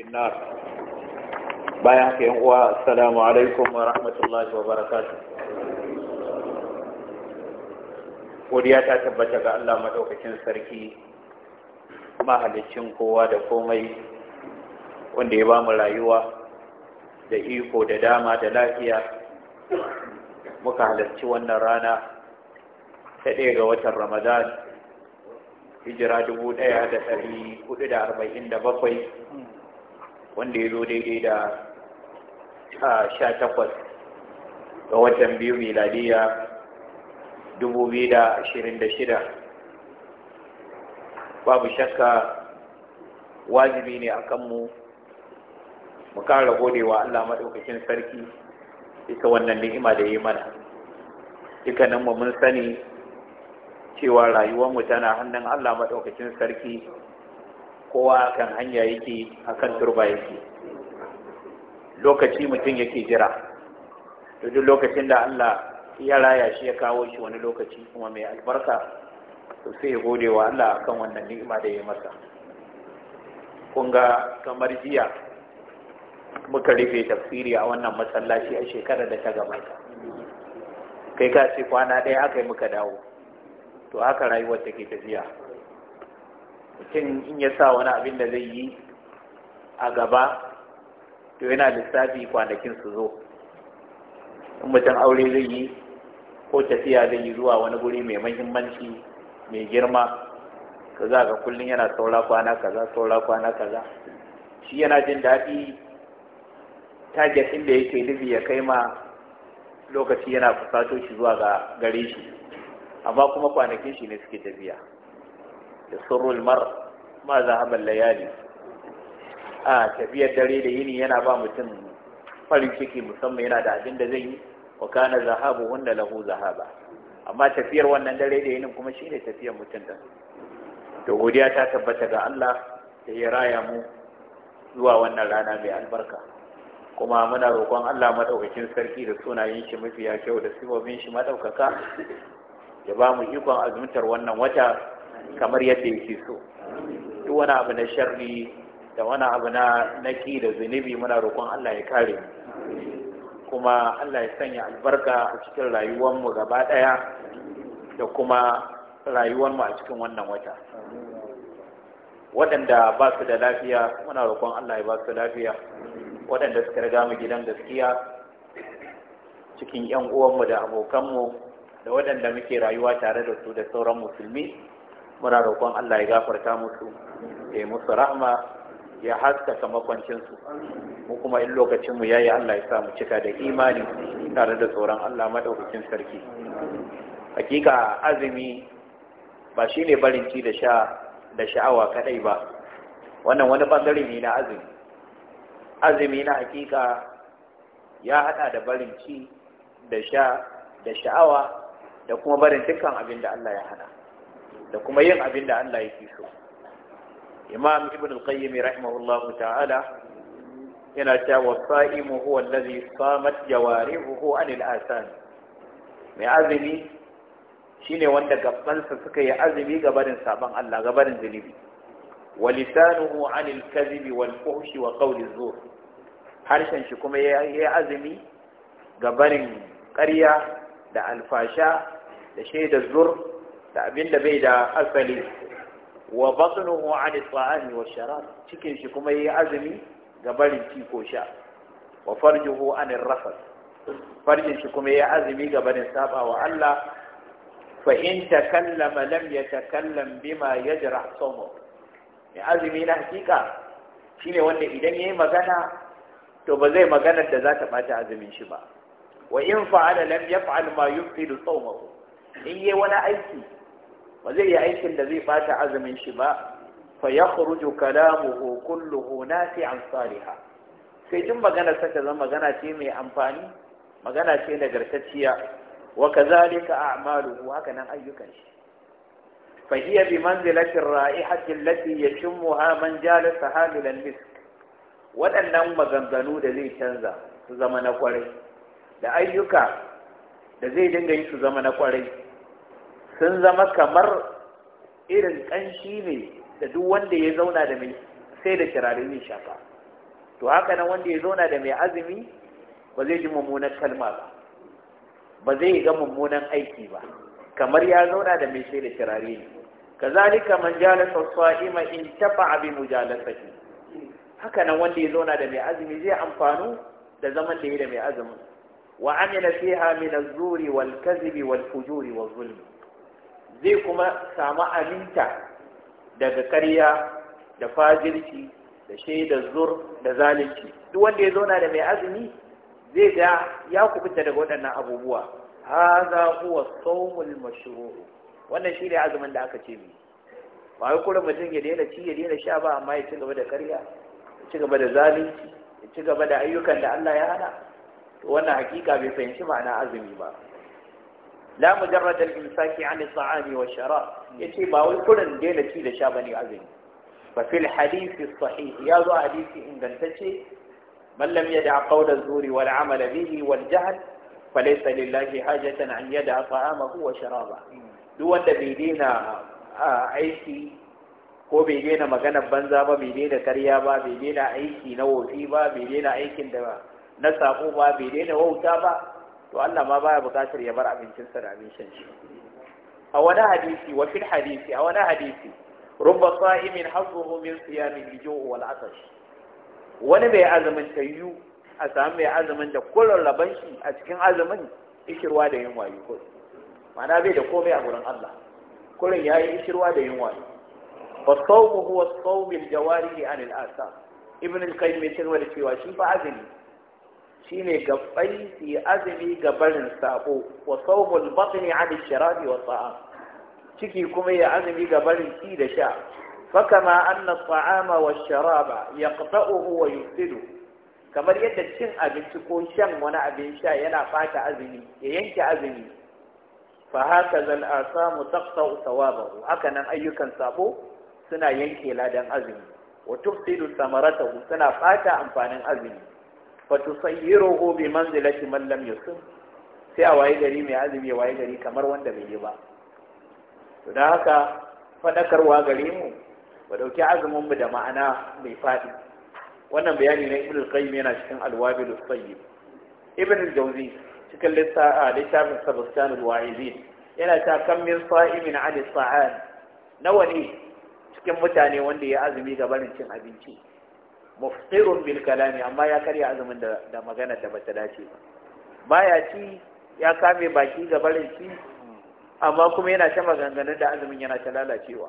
finnar bayan haka yan uwa assalamu alaikum wa rahmatullahi wa barakatu godiya ta tabbata ga Allah madaukakin sarki mahalicin kowa da komai wanda ya bamu rayuwa da iko da dama da lafiya muka halarci wannan rana ta ɗaya ga watan ramadan hijira bakwai, wanda ya zo daidai da sha takwas ga watan biyu miladiya dubu biyu da ashirin da shida babu shakka wajibi ne a kanmu mu kara godewa Allah maɗaukacin sarki ita wannan ni'ima da ya yi mana dukkaninmu mun sani cewa rayuwarmu tana hannun Allah maɗaukacin sarki kowa kan hanya yake akan turba yake lokaci mutum yake jira duk lokacin da Allah ya raya shi ya kawo shi wani lokaci kuma mai albarka to sai ya gode wa Allah akan wannan ni'ima da ya masa kun ga kamar jiya muka rufe tafsiri a wannan masallaci a shekarar da ta gabata kai ka ce kwana ɗaya aka yi muka dawo to haka rayuwar take tafiya mutum in ya sa wani abin da zai yi a gaba to yana lissafi kwanakin su zo in mutum aure zai yi ko tafiya zai yi zuwa wani guri mai mahimmanci mai girma ka za ga kullum yana saura kwana kaza saura kwana kaza shi yana jin daɗi target da yake nufi ya kai ma lokaci yana fusato shi zuwa ga gare shi amma kuma kwanakin shi ne suke tafiya يسر المرء ما ذهب الليالي آه dare da يني ينا با متن farin ciki musamman yana da abin da zai yi wa kana zahabu na lahu zahaba amma tafiyar wannan dare da yinin kuma shine tafiyar mutum da to godiya ta tabbata ga Allah da ya raya mu zuwa wannan rana mai albarka kuma muna roƙon Allah madaukakin sarki da sunayen shi mafiya kyau da sifofin shi madaukaka ya ba mu ikon azumtar wannan wata kamar yadda yake so duk wani abu na sharri da wani abu na naki da zunubi muna roƙon Allah ya kare kuma Allah ya sanya albarka a cikin rayuwarmu gaba ɗaya da kuma rayuwarmu a cikin wannan wata waɗanda ba su da lafiya muna roƙon Allah ya ba su lafiya waɗanda suka riga mu gidan gaskiya cikin 'yan uwanmu da abokanmu da waɗanda muke rayuwa tare da su da sauran musulmi muna roƙon Allah ya gafarta musu ya musu rahma ya haskaka makwancinsu mu kuma in lokacin mu yayi Allah ya sa mu cika da imani tare da tsoron Allah madaukakin sarki hakika azumi ba shine barin ci da sha da sha'awa kadai ba wannan wani bangare ne na azumi azumi na hakika ya hada da barin ci da sha da sha'awa da kuma barin dukkan abin da Allah ya hana da kuma yin abin da Allah yake so imam ibn al-qayyim rahimahullah ta'ala yana cewa sa'imu huwa allazi samat jawarihu anil asan mai azumi shine wanda gabansa suka yi azumi gabarin saban Allah gabarin zunubi wa lisanuhu anil kadhibi wal fuhshi wa qawli zur harshen shi kuma yayi azumi gabarin ƙarya da alfasha da shaidar zur da abin da bai da asali wa batnuhu an ta'ami wa sharab cikin shi kuma yayi azumi ga barin ci ko sha wa farjuhu an rafas farjin shi kuma yayi azumi ga barin saba wa Allah fa in takallama lam yatakallam bima yajra sawmu ne azumi na hakika shine wanda idan yayi magana to ba zai magana da za ta bata azumin shi ba wa in fa'ala lam yaf'al ma yubtilu sawmahu in yayi wani aiki ba zai yi aikin da zai bata azumin shi ba fa yakhruju kalamuhu kulluhu nafi'an salihah sai jin magana saka zan magana ce mai amfani magana ce gartacciya. wa kazalika a'maluhu haka nan ayyukan shi fa hiya bi manzilati raihati allati yashmuha man jalasa hamilan misk waɗannan maganganu da zai canza su zama na kwarai da ayyuka da zai dinga yi su zama na kwarai sun zama kamar irin ƙanshi ne da duk wanda ya zauna da mai sai da kirare zai shafa to haka nan wanda ya zauna da mai azumi ba zai ji mummunan kalma ba ba zai ga mummunan aiki ba kamar ya zauna da mai sai da kirare ne kazalika man jalasa sa'ima in tafa bi mujalasati haka nan wanda ya zauna da mai azumi zai amfanu da zaman da ya da mai azumin wa Amina fiha min az-zuri wal kadhibi wal fujuri wal zulmi zai kuma samu aminta daga karya da fajirci da shaidar zur da zalunci duk wanda ya zauna da mai azumi zai ga ya kubuta daga waɗannan abubuwa Ha za kuwa saumul mashru wannan shi ne azumin da aka ce mai ba wai kura mutum ya daina ci ya daina sha ba amma ya ci gaba da karya ya ci gaba da zalunci ya ci gaba da ayyukan da Allah ya hana to wannan hakika bai fahimci ma'ana azumi ba la mujarrad al-imsaki an at-ta'am wa sharab yace ba wai kurin daina da sha bane azumi fa fil hadith as zo hadisi ingantacce man lam yad'a qawla az-zuri wal 'amala bihi wal jahl falaysa lillahi hajatan an yad'a ta'amahu wa sharaba duk wanda bai daina aiki ko bai daina maganar banza ba bai daina karya ba bai daina aiki na wofi ba bai daina aikin da na sako ba bai daina wauta ba to Allah ma baya bukatar ya bar abincinsa da abincin shi a wani hadisi wa fil hadisi a wani hadisi rubba sa'imin hazzuhu min siyamin liju'u wal atash wani mai azumin tayyu a samu mai azumin da kullun laban shi a cikin azumin ikirwa da yin wayo ko ma'ana bai da komai a gurin Allah kullun yayi ishirwa da yin wayo fa sawmu huwa sawmil jawarihi anil asa ibn al-qayyim ce wani cewa shi fa azumi shine gabbai su yi azumi ga barin sabo wa saumul batni ani shirabi wa sa'a ciki kuma ya azumi ga barin ci da sha fakama anna ta'ama wa sharaba yaqta'uhu wa yufsidu kamar yadda cin abinci ko shan wani abin sha yana fata azumi ya yanke azumi fa haka zal asamu taqta'u thawabahu haka nan ayyukan sabo suna yanke ladan azumi wa tufsidu samaratahu suna fata amfanin azumi fa tusayyiruhu bi manzilati man lam yusum sai a waye gari mai azumi ya waye gari kamar wanda bai yi ba to dan haka fadakarwa gare mu ba dauki azumin mu da ma'ana mai fadi wannan bayani na ibnu qayyim yana cikin alwabil tayyib ibnu jawzi cikin littafin sabastan alwa'izin yana ta kan sa'imin ali sa'an nawa ne cikin mutane wanda ya azumi ga barin cin abinci muftirun bil kalami amma ya karya azumin da da magana da bata dace ba baya ci ya kame baki ga barin ci amma kuma yana ta maganganun da azumin yana ta lalacewa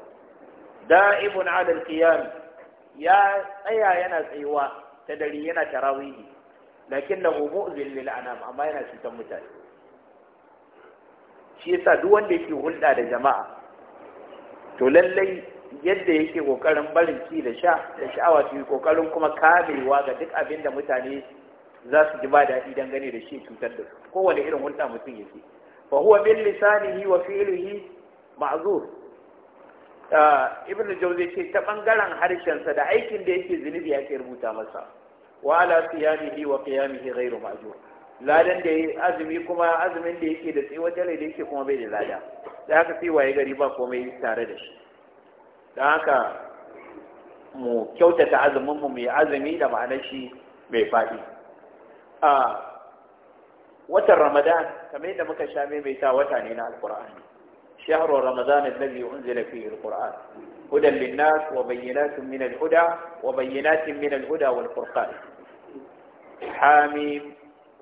da'ibun ala al-qiyam ya tsaya yana tsayuwa ta dare yana tarawihi lakinnahu mu'zil lil anam amma yana cutar mutane shi yasa duk wanda yake hulɗa da jama'a to lallai yadda yake kokarin barin ci da sha da sha'awa su yi kokarin kuma kamewa ga duk abin da mutane za su ji ba daɗi gane da shi cutar da su kowane irin hulɗa mutum yake fa huwa bin lisanihi wa fi'lihi ma'zur ah, ibn jawzi ce ta bangaren harshen sa da aikin da yake zunubi yake rubuta masa wa ala siyamihi wa qiyamihi ghairu ma'zur ladan da yake azumi kuma azumin da yake da wajen da yake kuma bai da lada da haka sai waye gari ba komai tare da shi don haka mu kyautata azuminmu mai azumi da ma'anar shi mai faɗi a watan ramadan kamar yadda muka sha maimaita wata ne na alkur'ani shahru ramadan alladhi unzila fihi alquran hudan linnas wa bayyinatin min alhuda wa bayyinatin min alhuda wal furqan hamim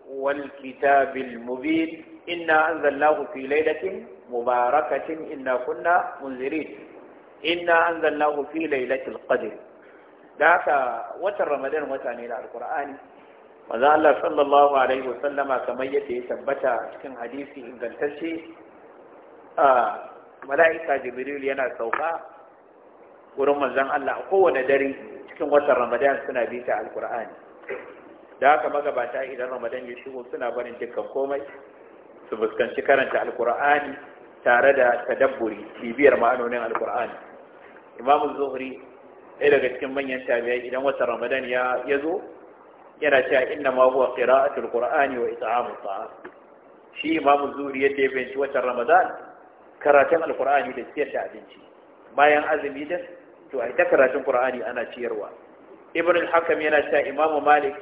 wal kitabil mubin inna anzalnahu fi laylatin mubarakatin inna kunna munzirin inna anzalnahu fi lailatul qadr da haka watan ramadan wata ne na alqur'ani manzo Allah sallallahu alaihi wasallama kamar yadda ya tabbata cikin hadisi ingantacce a mala'ika jibril yana sauka wurin manzon Allah a kowane dare cikin watan ramadan suna bita alkur'ani da haka magabata idan ramadan ya shigo suna barin dukkan komai su fuskanci karanta alkur'ani tare da tadabburi bibiyar ma'anonin alkur'ani imamu zuhri ɗaya daga cikin manyan tabi'a idan wata ramadan ya ya zo yana cewa inna ma huwa qira'atul qur'ani wa it'amut ta'am shi imamu zuhri yadda ya bayyana wata ramadan karatun alkur'ani da ciyar da abinci bayan azumi din to ai ta karatun qur'ani ana ciyarwa ibn al-hakam yana cewa imamu malik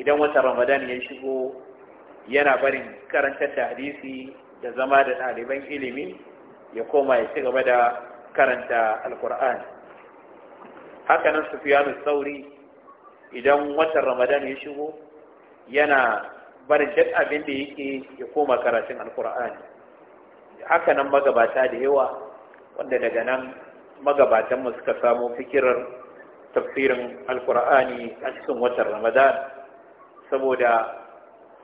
idan wata ramadan ya shigo yana barin karanta hadisi da zama da ɗaliban ilimi ya koma ya ci gaba da karanta Haka alkur'ani hakanan sufiyanu sauri idan watan ramadan ya shigo yana barin duk abin da yake ya koma karatun haka nan magabata da yawa wanda daga nan magabatanmu suka samo fikirar tafsirin alkur'ani a cikin watan ramadan saboda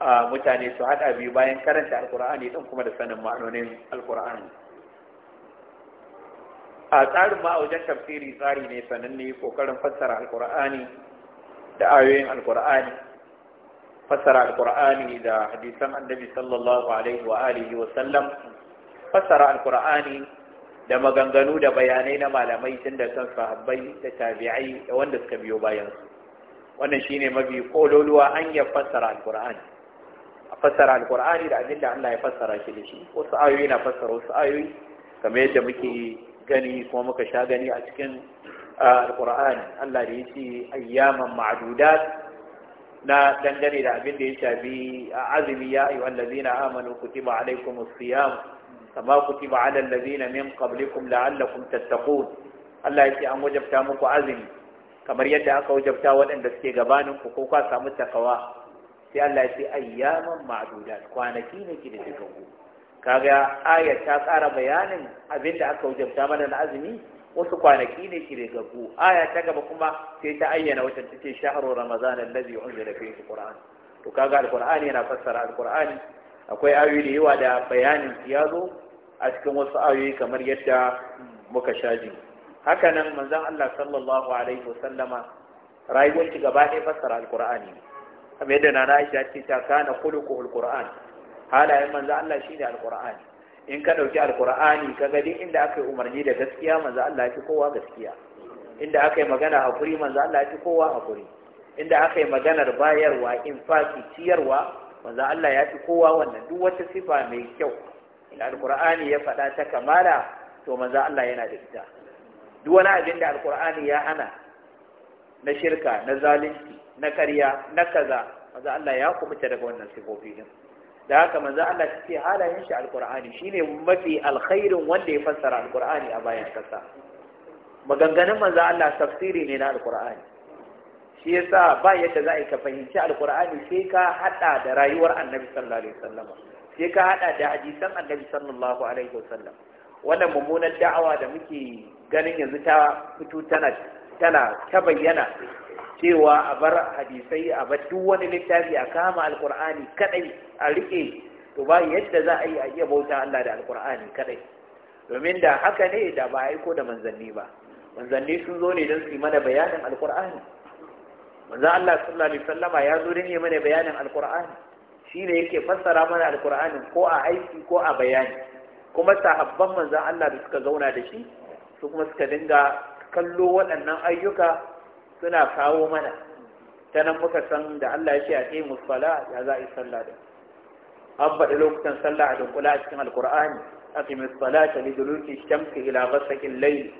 mutane su haɗa biyu bayan karanta alkur'ani ɗin kuma da sanin ma'anonin alkur'ani a tsarin ma a tafsiri tsari ne sananne kokarin fassara alkur'ani da ayoyin alkur'ani fassara alkur'ani da hadisan annabi sallallahu alaihi wa alihi wa sallam fassara alkur'ani da maganganu da bayanai na malamai tun da san sahabbai da tabi'ai da wanda suka biyo bayan su wannan shine mafi kololuwa hanyar fassara alkur'ani fassara alkur'ani da abin da Allah ya fassara shi da shi wasu ayoyi na fassara wasu ayoyi kamar yadda muke gani kuma muka sha gani a cikin alkur'ani Allah da ya ce ayyaman ma'dudat na dangane da abin da ya shafi azumi ya ayu allazina amanu kutiba alaikumus siyam kama kutiba ala allazina min qablikum la'allakum tattaqun Allah ya ce an wajabta muku azumi kamar yadda aka wajabta waɗanda suke gabaninku ko ka samu takawa sai Allah ya ce ayyaman ma'dudat kwanaki ne ki da dukanku kaga aya ta ƙara bayanin abinda aka wajabta mana na azumi wasu kwanaki ne ki da aya ta gaba kuma sai ta ayyana wata tace shahrul ramadan allazi unzila fihi alquran to kaga alqur'ani yana fassara alqur'ani akwai ayoyi da yawa da bayanin su yazo a cikin wasu ayoyi kamar yadda muka shaji hakanan manzon Allah sallallahu alaihi wasallama rayuwar shi gaba ɗaya fassara alqur'ani kamar yadda nana Aisha ce ta kana khuluqul Qur'an halayen manzo Allah shine alquran in ka dauki alqur'ani ka ga duk inda aka yi umarni da gaskiya manzo Allah ya fi kowa gaskiya inda aka yi magana hakuri manzo Allah ya fi kowa hakuri inda aka yi maganar bayarwa infaki ciyarwa manzo Allah ya fi kowa wannan duk wata sifa mai kyau in alqur'ani ya faɗa ta kamala to manzo Allah yana da ita duk wani abin da alqur'ani ya hana na shirka na zalunci na karya na kaza Maza Allah ya kubuta daga wannan sifofi din da haka maza Allah shi halayen shi alqur'ani shine mafi alkhairin wanda ya fassara alqur'ani a bayan kasa maganganun maza Allah tafsiri ne na alqur'ani shi yasa ba yadda za a yi ka fahimci alqur'ani sai ka hada da rayuwar annabi sallallahu alaihi wasallam sai ka hada da hadisan annabi sallallahu alaihi wasallam wannan mummunan da'awa da muke ganin yanzu ta fito tana tana ta bayyana cewa a bar hadisai a bar duk wani littafi a kama alkur'ani kadai a rike to ba yadda za a yi a iya bauta Allah da alkur'ani kadai domin da haka ne da ba aiko da manzanni ba manzanni sun zo ne don su yi mana bayanin alkur'ani manzan Allah sallallahu alaihi wasallama ya zo don yi mana bayanin alkur'ani shine yake fassara mana alkur'ani ko a aiki ko a bayani kuma sahabban manzan Allah da suka zauna da shi su kuma suka dinga kallo waɗannan ayyuka suna kawo mana ta nan muka san da Allah ya ce a ƙimu sala ya za a yi sallah da an faɗi lokutan sallah a dunkula a cikin alƙur'ani a ƙimu sala ta li duluki shamsi ila basakin laili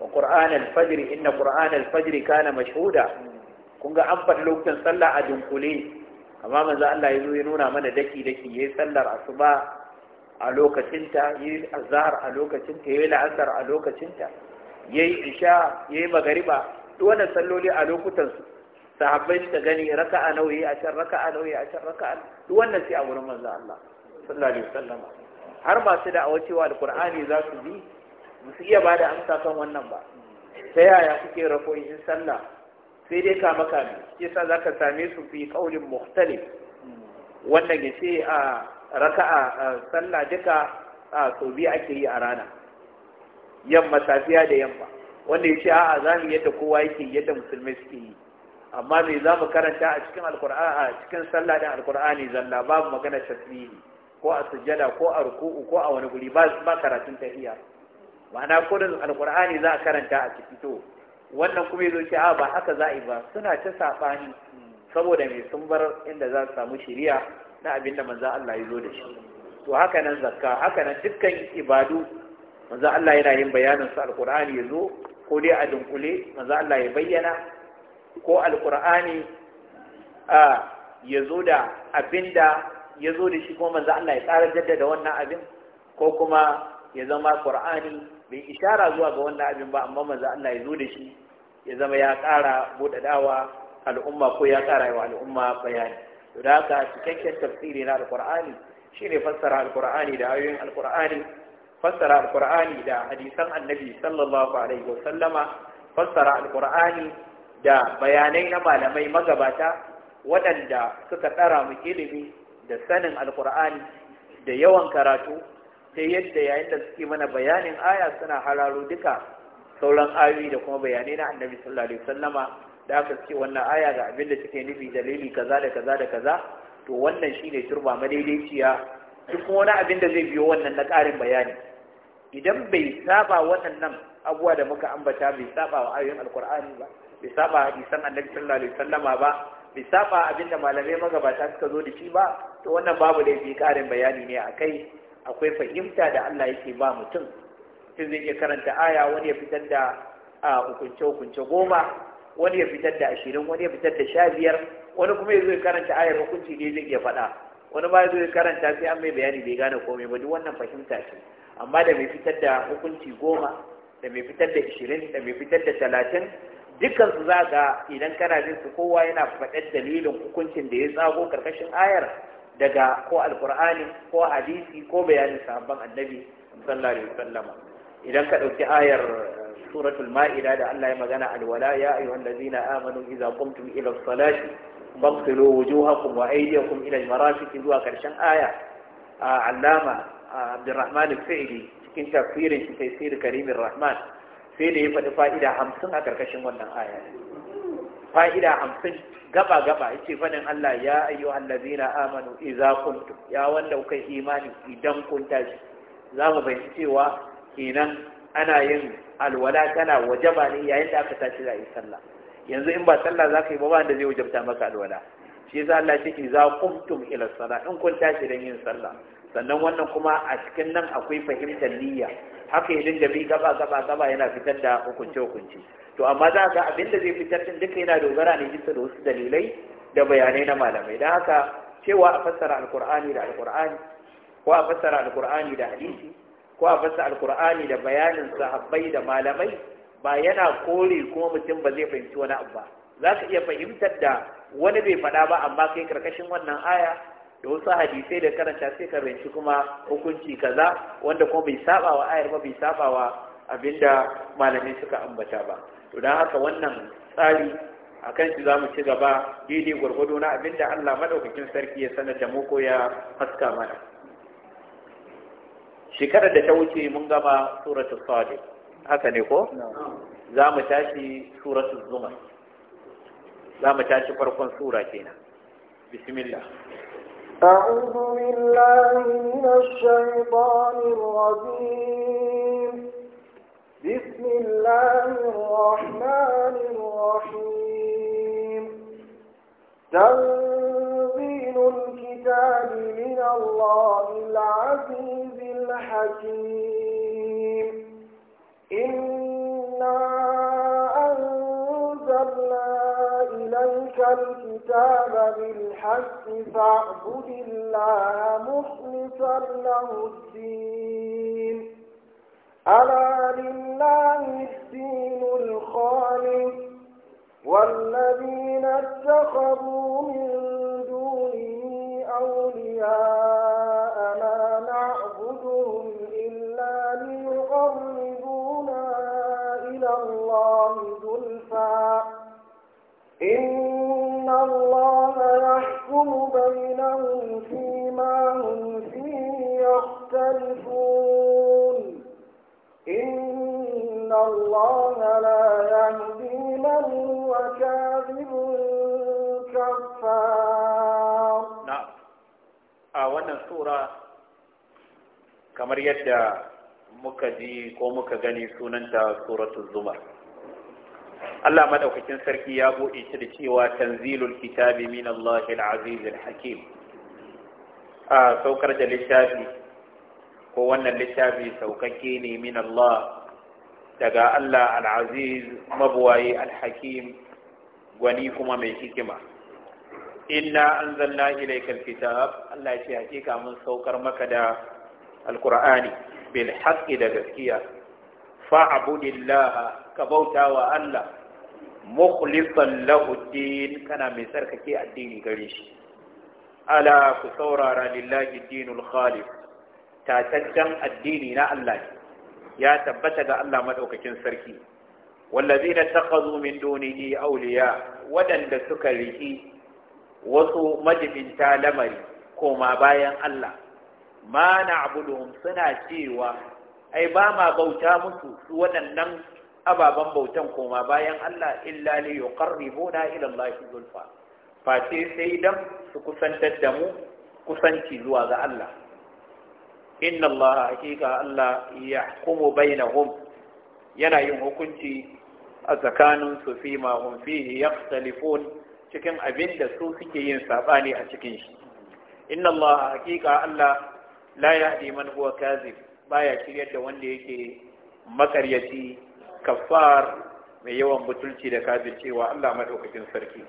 wa ƙur'an alfajiri inna ƙur'an alfajiri kana mashhuda kun ga an faɗi lokutan sallah a dunkule amma manzo Allah ya zo ya nuna mana daki daki yayi sallar asuba a lokacinta yayi azhar a lokacinta yayi la'asar a lokacinta yayi isha yayi magariba wannan salloli a lokutan su sahabbai suka gani raka'a nauyi a can raka'a nauyi a can raka'a duk wannan sai a wurin manzo Allah sallallahu alaihi wasallam har masu da wacewa alqur'ani za su bi ba su iya bada amsa kan wannan ba ta yaya kuke rafo'in sallah sai dai kama kame yasa zaka same su fi qaulin mukhtalif wannan ce a raka'a sallah duka a so biyu ake yi a rana yamma safiya da yamma wanda ya ce a'a za mu yadda kowa yake yadda musulmai suke yi amma me za mu karanta a cikin alkur'ani a cikin sallah din alkur'ani zalla babu magana tasbihi ko a sujjada ko a ruku'u ko a wani guri ba karatun tahiyya ma'ana ko da alkur'ani za a karanta a ciki to wannan kuma yazo ce a ba haka za a yi ba suna ta sabani saboda me sun bar inda za su samu shiriya na abinda da manzo Allah ya zo da shi to haka nan zakka haka nan dukkan ibadu manzo Allah yana yin bayanin su alkur'ani yazo ko dai a dunkule manzo Allah ya bayyana ko alqur'ani a yazo da abinda yazo da shi kuma manzo Allah ya tsara jaddada wannan abin ko kuma ya zama qur'ani bai ishara zuwa ga wannan abin ba amma manzo Allah ya zo da shi ya zama ya ƙara buɗaɗawa al'umma ko ya kara yawa al'umma bayani to da haka cikakken tafsiri na alqur'ani shine fassara alqur'ani da ayoyin alqur'ani fassara alqur'ani da hadisan annabi sallallahu alaihi wasallama fassara alqur'ani da bayanai na malamai magabata waɗanda suka tsara mu ilimi da sanin alqur'ani da yawan karatu ta yadda yayin da suke mana bayanin aya suna hararo duka sauran ayoyi da kuma bayanai na annabi sallallahu alaihi wasallama da aka ce wannan aya ga abin da suke nufi dalili kaza da kaza da kaza to wannan shine turba madaidaiciya duk wani abin da zai biyo wannan na ƙarin bayani idan bai saba waɗannan abuwa da muka ambata bai saba wa ayoyin alkur'ani ba bai saba hadisan annabi sallallahu alaihi wasallama ba bai saba abinda malamai magabata suka zo da shi ba to wannan babu laifi karin bayani ne akai akwai fahimta da Allah yake ba mutum mutum zai iya karanta aya wani ya fitar da hukunce hukunce goma wani ya fitar da ashirin wani ya fitar da sha biyar wani kuma ya zo ya karanta ayar hukunci ne zai iya faɗa wani ba ya zo karanta sai an mai bayani bai gane komai ba duk wannan fahimta ce amma da mai fitar da hukunci goma da mai fitar da ishirin da mai fitar da talatin dukkan za ga idan kana jin su kowa yana faɗar dalilin hukuncin da ya tsago karkashin ayar daga ko alkur'ani ko hadisi ko bayanin sahabban annabi sallallahu alaihi wasallam idan ka ɗauki ayar eh, suratul ma'ida da Allah ya magana alwala ya ayyuhal ladzina amanu idza qumtum ila as-salati faghsilu wujuhakum wa aydiyakum ila al-marafiq zuwa karshen aya allama Abdurrahman Abdulrahman faili cikin tafsirin shi sai sirri karimin rahman sai da ya faɗi fa'ida hamsin a ƙarƙashin wannan aya fa'ida hamsin gaba gaba yace fadin Allah ya ayyuhal ladzina amanu idza kuntu ya wanda kuka imani idan kun tashi za mu bayyana cewa kenan ana yin alwala tana wajaba ne yayin da aka tashi za a yi sallah yanzu in ba sallah za ka yi ba ba da zai wajabta maka alwala shi yasa Allah ce idza qumtum ila sallah in kun tashi dan yin sallah sannan wannan kuma a cikin nan akwai fahimtar niyya haka ya da bi gaba gaba gaba yana fitar da hukunce hukunce to amma za ga abin da zai fitar din duka yana dogara ne bisa da wasu dalilai da bayanai na malamai don haka cewa a fassara alkur'ani da alkur'ani ko a fassara alkur'ani da hadisi ko a fassara alkur'ani da bayanin sahabbai da malamai ba yana kore kuma mutum ba zai fahimci wani abu ba za ka iya fahimtar da wani bai faɗa ba amma kai karkashin wannan aya da wasu hadisai da karanta sai ka rinci kuma hukunci kaza wanda kuma bai saba wa ayar ba bai saba wa abinda malamai suka ambata ba to dan haka wannan tsari a kan shi za mu ci gaba daidai gwargwado na abinda Allah madaukakin sarki ya sanar da mu ko ya haska mana shekarar da ta wuce mun gama suratul sadi haka ne ko za mu tashi suratul zumar za mu tashi farkon sura kenan bismillah أعوذ بالله من الشيطان الرجيم بسم الله الرحمن الرحيم تنزيل الكتاب من الله العزيز الحكيم إِنَّا الكتاب بالحق فاعبد الله مخلصا له الدين ألا لله الدين الخالص والذين اتخذوا من دونه أولياء ما نعبدهم إلا ليقربونا إلى الله زلفى الله يحكم بينهم فيما هم فيه يختلفون إن الله لا يهدي من هو كاذب كفار نعم a wannan sura kamar yadda muka ji ko muka gani sunanta suratul zumar Allah madaukakin sarki ya bude shi da cewa tanzilul kitabi min Allahil azizil hakim a saukar da littafi ko wannan littafi saukake ne min Allah daga Allah al-aziz al-hakim gwani kuma mai hikima inna anzalna ilayka al-kitab Allah ya ce hakika mun saukar maka da al-Qur'ani bil haqqi da gaskiya laha. ka bauta wa Allah mukhlisan lahu din kana mai sarkake addini gare shi ala ku saurara lillahi dinul khalif tataccen addini na Allah ya tabbata ga Allah madaukakin sarki wallazina taqazu min dunihi awliya wadanda suka riki wasu majibinta lamari koma bayan Allah ma na'buduhum suna cewa ai ba ma bauta musu su waɗannan ababen bautan koma bayan Allah illa li yuqarribuna ila Allah zulfa face sai dan su kusantar da mu kusanci zuwa ga Allah inna Allah hakika Allah yahkumu bainahum yana yin hukunci a tsakanin su fi ma hum fihi cikin abin da su suke yin sabani a cikin shi inna Allah hakika Allah la yahdi man huwa kazib baya shiryar da wanda yake makaryaci kafar mai yawan butulci da kafin cewa Allah madaukakin sarki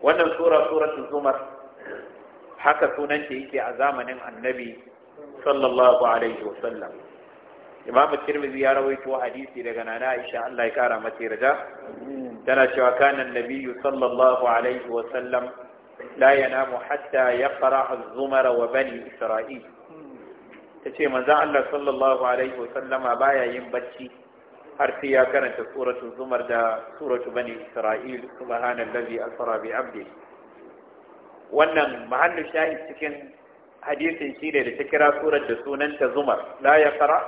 wannan sura suratul zumar haka sunan ta yake a zamanin annabi sallallahu alaihi wasallam imam tirmidhi ya rawaito hadisi daga nana aisha Allah ya kara mata yarda tana cewa kana annabi sallallahu alaihi wasallam la yanamu hatta yaqra az-zumar wa bani isra'il tace manzo Allah sallallahu alaihi wasallama baya yin bacci har sai ya karanta suratul zumar da suratul bani isra'il subhanallazi asra bi abdi wannan mahallu shahid cikin hadisin shi ne da ta kira surar da sunanta zumar la yaqra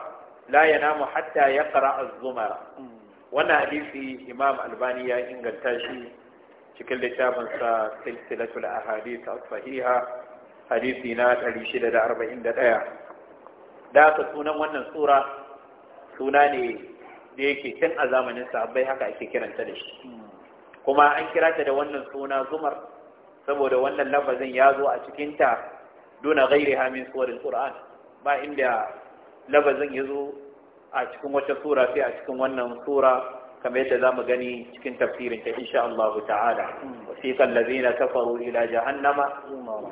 la yanamu hatta yaqra az-zumar wannan hadisi imam albani ya inganta shi cikin littafin sa silsilatul ahadith as-sahiha hadisi na 641 da aka sunan wannan sura suna ne da yake tun a zamanin sahabbai haka ake kiranta da shi kuma an kira ta da wannan suna zumar saboda wannan lafazin ya zo a cikin ta duna gairi hamin suwarin Kur'an, ba inda lafazin ya zo a cikin wata sura sai a cikin wannan sura kamar yadda zamu gani cikin tafsirin ta insha Allah ta'ala wasiqal ladina kafaru ila jahannama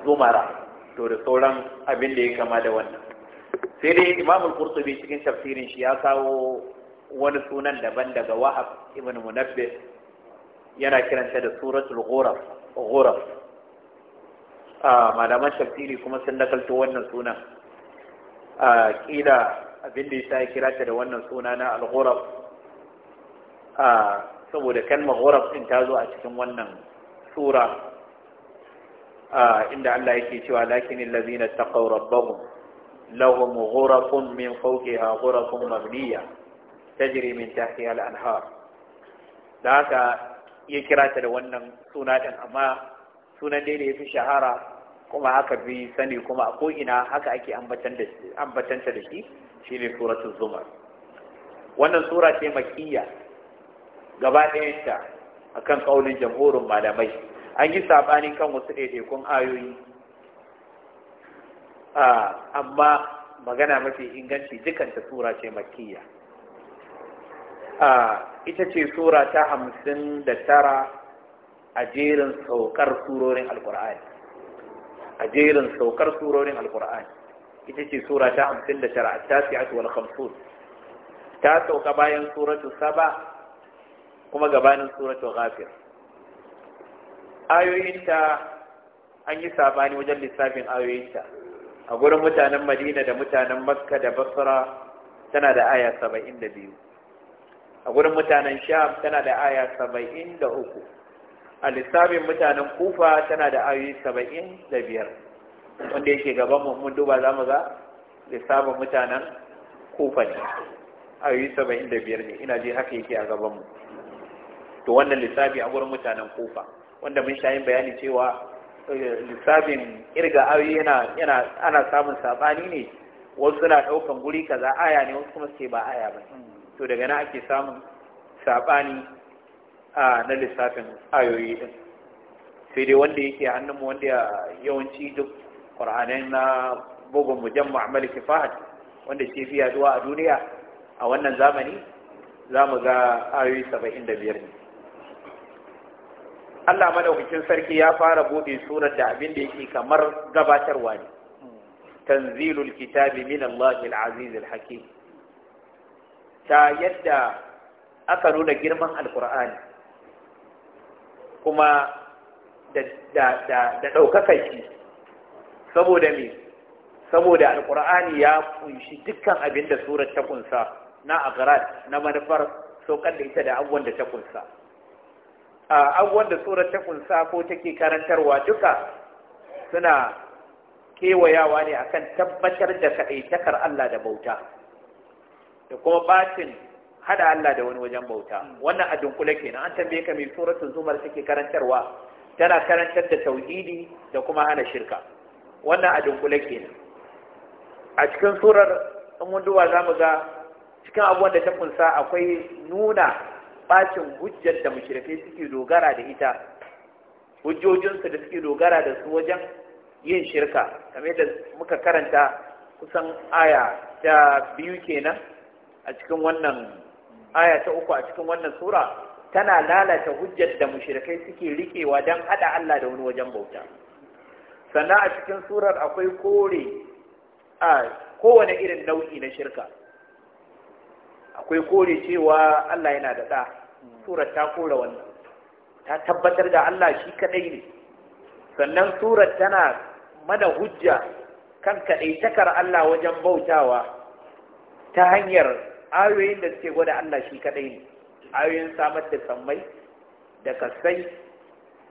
zumara to da sauran abin da ya kama da wannan sai dai imamul qurtubi cikin tafsirin shi ya kawo wani sunan daban daga wahab ibn munabbih yana kiranta da suratul ghuraf ghuraf malaman tafsiri kuma sun nakalto wannan sunan kila abin da yasa ya kira ta da wannan suna na al-ghuraf saboda kalma ghuraf din ta zo a cikin wannan sura inda Allah yake cewa lakinil ladina taqaw rabbahum lahum ghurafun min fawqiha ghurafun mabniyah tajri min tahtiha al-anhar da haka ya kira ta da wannan suna din amma sunan dai da yafi shahara kuma haka bi sani kuma a ko ina haka ake ambatan da ta da shi shine suratul zumar wannan sura ce makiyya gaba ɗayanta akan kaulin jamhurin malamai an yi sabani kan wasu ɗaiɗaikun ayoyi ah, amma magana mafi inganci dukkan ta sura ce makiyya ita ce sura ta hamsin da tara a jerin saukar surorin alkur'ani a jerin saukar surorin alkur'ani ita ce sura ta hamsin da tara a tasi'atu wal khamsun ta sauka bayan suratu saba kuma gabanin suratu ghafir ayoyinta an yi sabani wajen lissafin ayoyinta a gurin mutanen madina da mutanen makka da basra tana da aya saba'in da biyu a gurin mutanen sham tana da aya saba'in da uku a lissafin mutanen kufa tana da ayoyi saba'in da biyar wanda yake gaban mu duba za mu ga lissafin mutanen kufa ne ayoyi saba'in da biyar ne ina je haka yake a gaban mu. to wannan lissafi a gurin mutanen kufa wanda mun sha yin bayani cewa eh, lissafin irga ayoyi yana yana ana samun sabani ne wasu suna daukan guri kaza aya ne wasu kuma suke ba aya ba to daga nan ake samun saɓani a na lissafin ayoyi din sai dai wanda yake hannunmu wanda yawanci duk ƙwararren na bugun mujamma maliki fahad wanda ke fi yaduwa a duniya a wannan zamani za mu ga ayoyi saba'in da biyar ne allah madaukakin sarki ya fara buɗe surar da abin da yake kamar gabatarwa ne tanzilul kitabi min allahil azizil hakim ta yadda aka nuna girman alkur'ani kuma da ɗaukakar shi saboda me saboda alkur'ani ya kunshi dukkan abin da surar ta kunsa na agarat na manufar saukar da ita da abubuwan da ta kunsa a abubuwan da surar ta kunsa ko take karantarwa duka suna kewayawa ne akan tabbatar da kaɗaitakar Allah da bauta da kuma batin hada Allah da wani wajen bauta wannan a dunkule kenan an tambaye ka mai suratul zumar take karantarwa tana karantar da tauhidi da kuma hana shirka wannan a dunkule kenan a cikin surar in mun duba zamu ga cikin abubuwan da ta kunsa akwai nuna bacin hujjar da mushrikai suke dogara da ita hujjojinsu da suke dogara da su wajen yin shirka kamar yadda muka karanta kusan aya ta biyu kenan a cikin wannan aya ta uku a cikin wannan sura tana lalata hujjar da mushrikai suke rikewa don hada Allah da wani wajen bauta sannan a cikin surar akwai kore a kowane irin nau'i na shirka akwai kore cewa Allah yana da ɗa surar ta kore wannan ta tabbatar da Allah shi kaɗai ne sannan surar tana mana hujja kan kaɗaitakar Allah wajen bautawa ta hanyar ayoyin da suke gwada Allah shi kadai ne ayoyin samar da sammai da kasai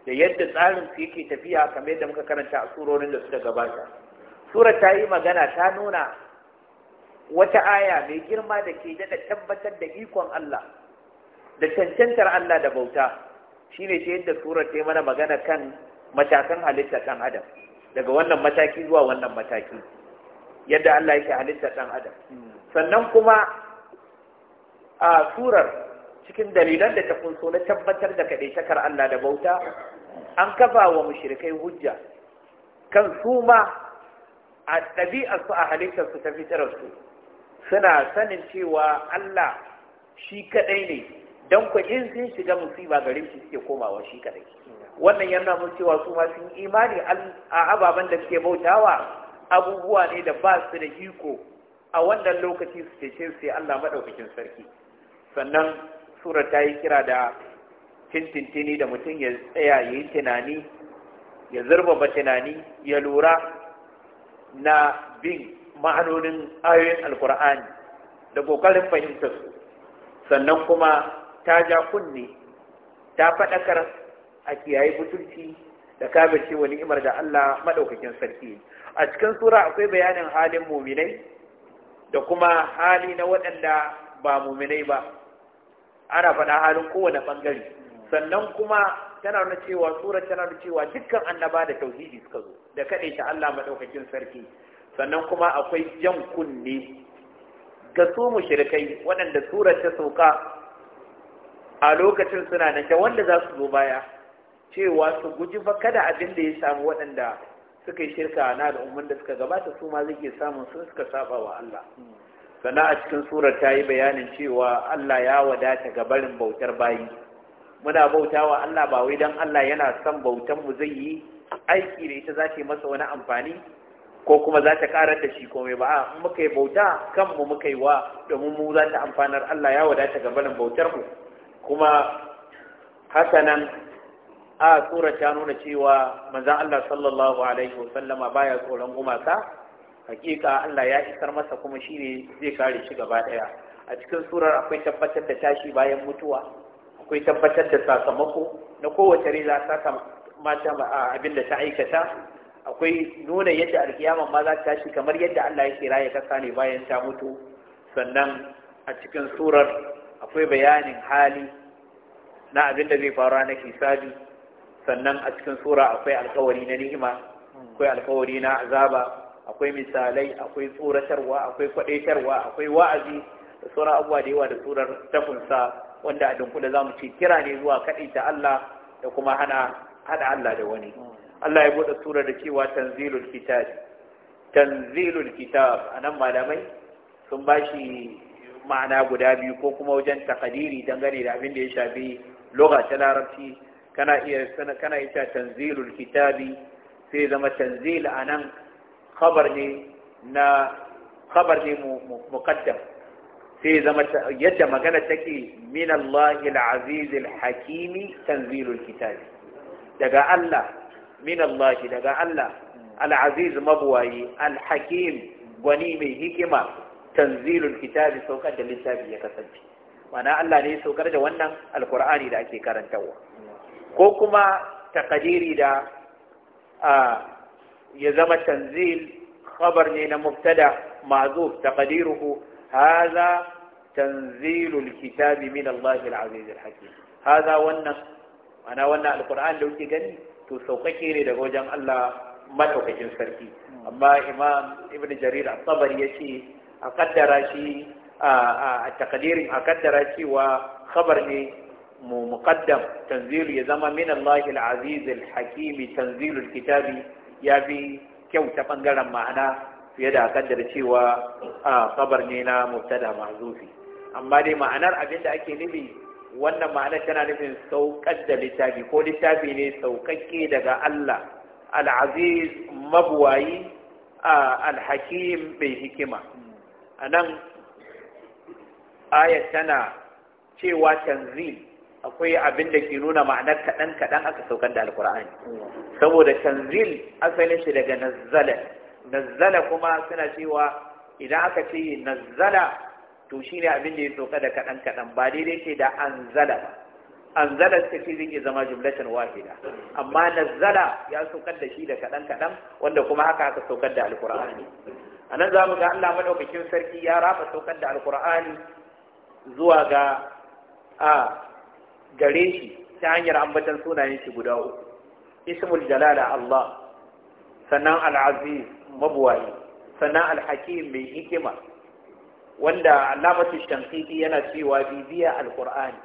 da yadda tsarin su yake tafiya kamar yadda muka karanta a surorin da suka gabata surar ta yi magana ta nuna wata aya mai girma da ke daɗa tabbatar da ikon Allah da cancantar Allah da bauta shi ne ta yadda surar ta yi mana magana kan matakan halitta ɗan adam daga wannan mataki zuwa wannan mataki yadda Allah yake halitta ɗan adam sannan kuma a surar cikin dalilan da ta kunso na tabbatar da kaɗai shakar Allah da bauta an kafa wa mushrikai hujja kan su ma a ɗabi'arsu a halittarsu ta su suna sanin cewa Allah shi kaɗai ne don ku in sun shiga musiba gare shi suke komawa shi kaɗai wannan yana mun cewa su ma sun imani a ababen da suke bautawa abubuwa ne da ba su da iko a wannan lokaci su ce sai Allah maɗaukakin sarki sannan sura ta yi kira da tintintini da mutum ya tsaya ya yi tunani ya zurbaba tunani ya lura na bin ma'anonin ayoyin alkur'ani da ƙoƙarin fahimtar su sannan kuma ta ja kunne ta faɗakar a kiyaye mutunci da ce wa ni'imar da Allah maɗaukakin sarki a cikin sura akwai bayanin halin muminai da kuma hali na waɗanda ba muminai ba ana faɗa halin kowane ɓangare sannan kuma tana nuna cewa surar tana nuna cewa dukkan annaba da tauhidi suka zo da kaɗai ta Allah maɗaukakin sarki sannan kuma akwai jan kunne ga su mushrikai waɗanda surar ta sauka a lokacin suna nan ta wanda za su zo baya cewa su guji fa kada abin da ya samu waɗanda suka yi shirka na al'umman da suka gabata su ma zai samun sun suka saba wa Allah sannan a cikin surar ta yi bayanin cewa Allah ya wadata ga barin bautar bayi muna bautawa Allah ba wai dan Allah yana son bautan mu zai yi aiki da ita za ta yi masa wani amfani ko kuma za ta karar da shi komai ba in muka yi bauta kanmu muka yi wa domin mu za ta amfanar Allah ya wadata ga barin bautar mu kuma hasanan a surata nuna cewa manzo Allah sallallahu alaihi wasallama baya tsoron gumaka hakika Allah ya isar masa kuma shi ne zai kare shi gaba ɗaya. a cikin surar akwai tabbatar da tashi bayan mutuwa akwai tabbatar da sakamako na kowace rila sakamata abin da ta aikata akwai nuna yadda alkiyama ma za ta tashi kamar yadda Allah yake raye kasa ne bayan ta mutu sannan a cikin surar akwai bayanin hali na abin da zai faru na hisabi sannan a cikin sura akwai alkawari na ni'ima akwai alkawari na azaba akwai misalai akwai tsoratarwa akwai kwadaitarwa akwai wa'azi da sauran abubuwa da yawa da tsorar tafunsa wanda a dunkule za mu ce kira ne zuwa kaɗai ta Allah da kuma hana haɗa Allah da wani Allah ya buɗe surar da cewa tanzilul kitab tanzilul kitab anan malamai sun bashi ma'ana guda biyu ko kuma wajen takadiri dangane da abin da ya shafi lugha ta larabci kana iya kana iya tanzilul kitabi sai zama tanzil anan khabar ne na khabar ne muqaddam sai zama yadda magana take min Allah al tanzilul kitab daga Allah min Allah daga Allah al-aziz mabwayi al gwani mai hikima tanzilul kitab saukar da littafi ya kasance mana Allah ne saukar da wannan alkur'ani da ake karantawa ko kuma takadiri da يزم تنزيل خبر لنا مبتدع معذوف تقديره هذا تنزيل الكتاب من الله العزيز الحكيم هذا ون انا ون القران لو تجن تو سوكي ري دغه الله ما توكين سركي اما امام ابن جرير الطبري يشي اقدر شي آه، آه، التقدير اقدر شي وخبر لي مقدم تنزيل يزم من الله العزيز الحكيم تنزيل الكتاب ya fi kyau ta ɓangaren ma'ana fiye da kaddar cewa a sabar ne na da mazufi amma dai ma'anar abin da ake nufi wannan ma'anar tana nufin saukar da littafi ko littafi ne saukakke daga Allah al-aziz mabuwayi al-hakim bai hikima A nan, ayat tana cewa tanzil akwai abin da ke nuna ma'anar kaɗan kaɗan aka saukar da alkur'ani saboda tanzil asalin shi daga nazzala nazzala kuma suna cewa idan aka ce nazzala to shine abin da ya sauka da kaɗan kaɗan ba daidai ce da anzala ba anzala suka ce zai zama jumlatan wahida amma nazzala ya saukar da shi da kaɗan kaɗan wanda kuma haka aka saukar da alkur'ani a nan za mu ga allah maɗaukakin sarki ya rafa saukar da alkur'ani zuwa ga a gare shi ta hanyar ambatan sunayen shi guda uku ismul jalala Allah sannan al-aziz mabuwayi sannan al-hakim mai hikima wanda alamatu shankiki yana cewa bibiya al-qur'ani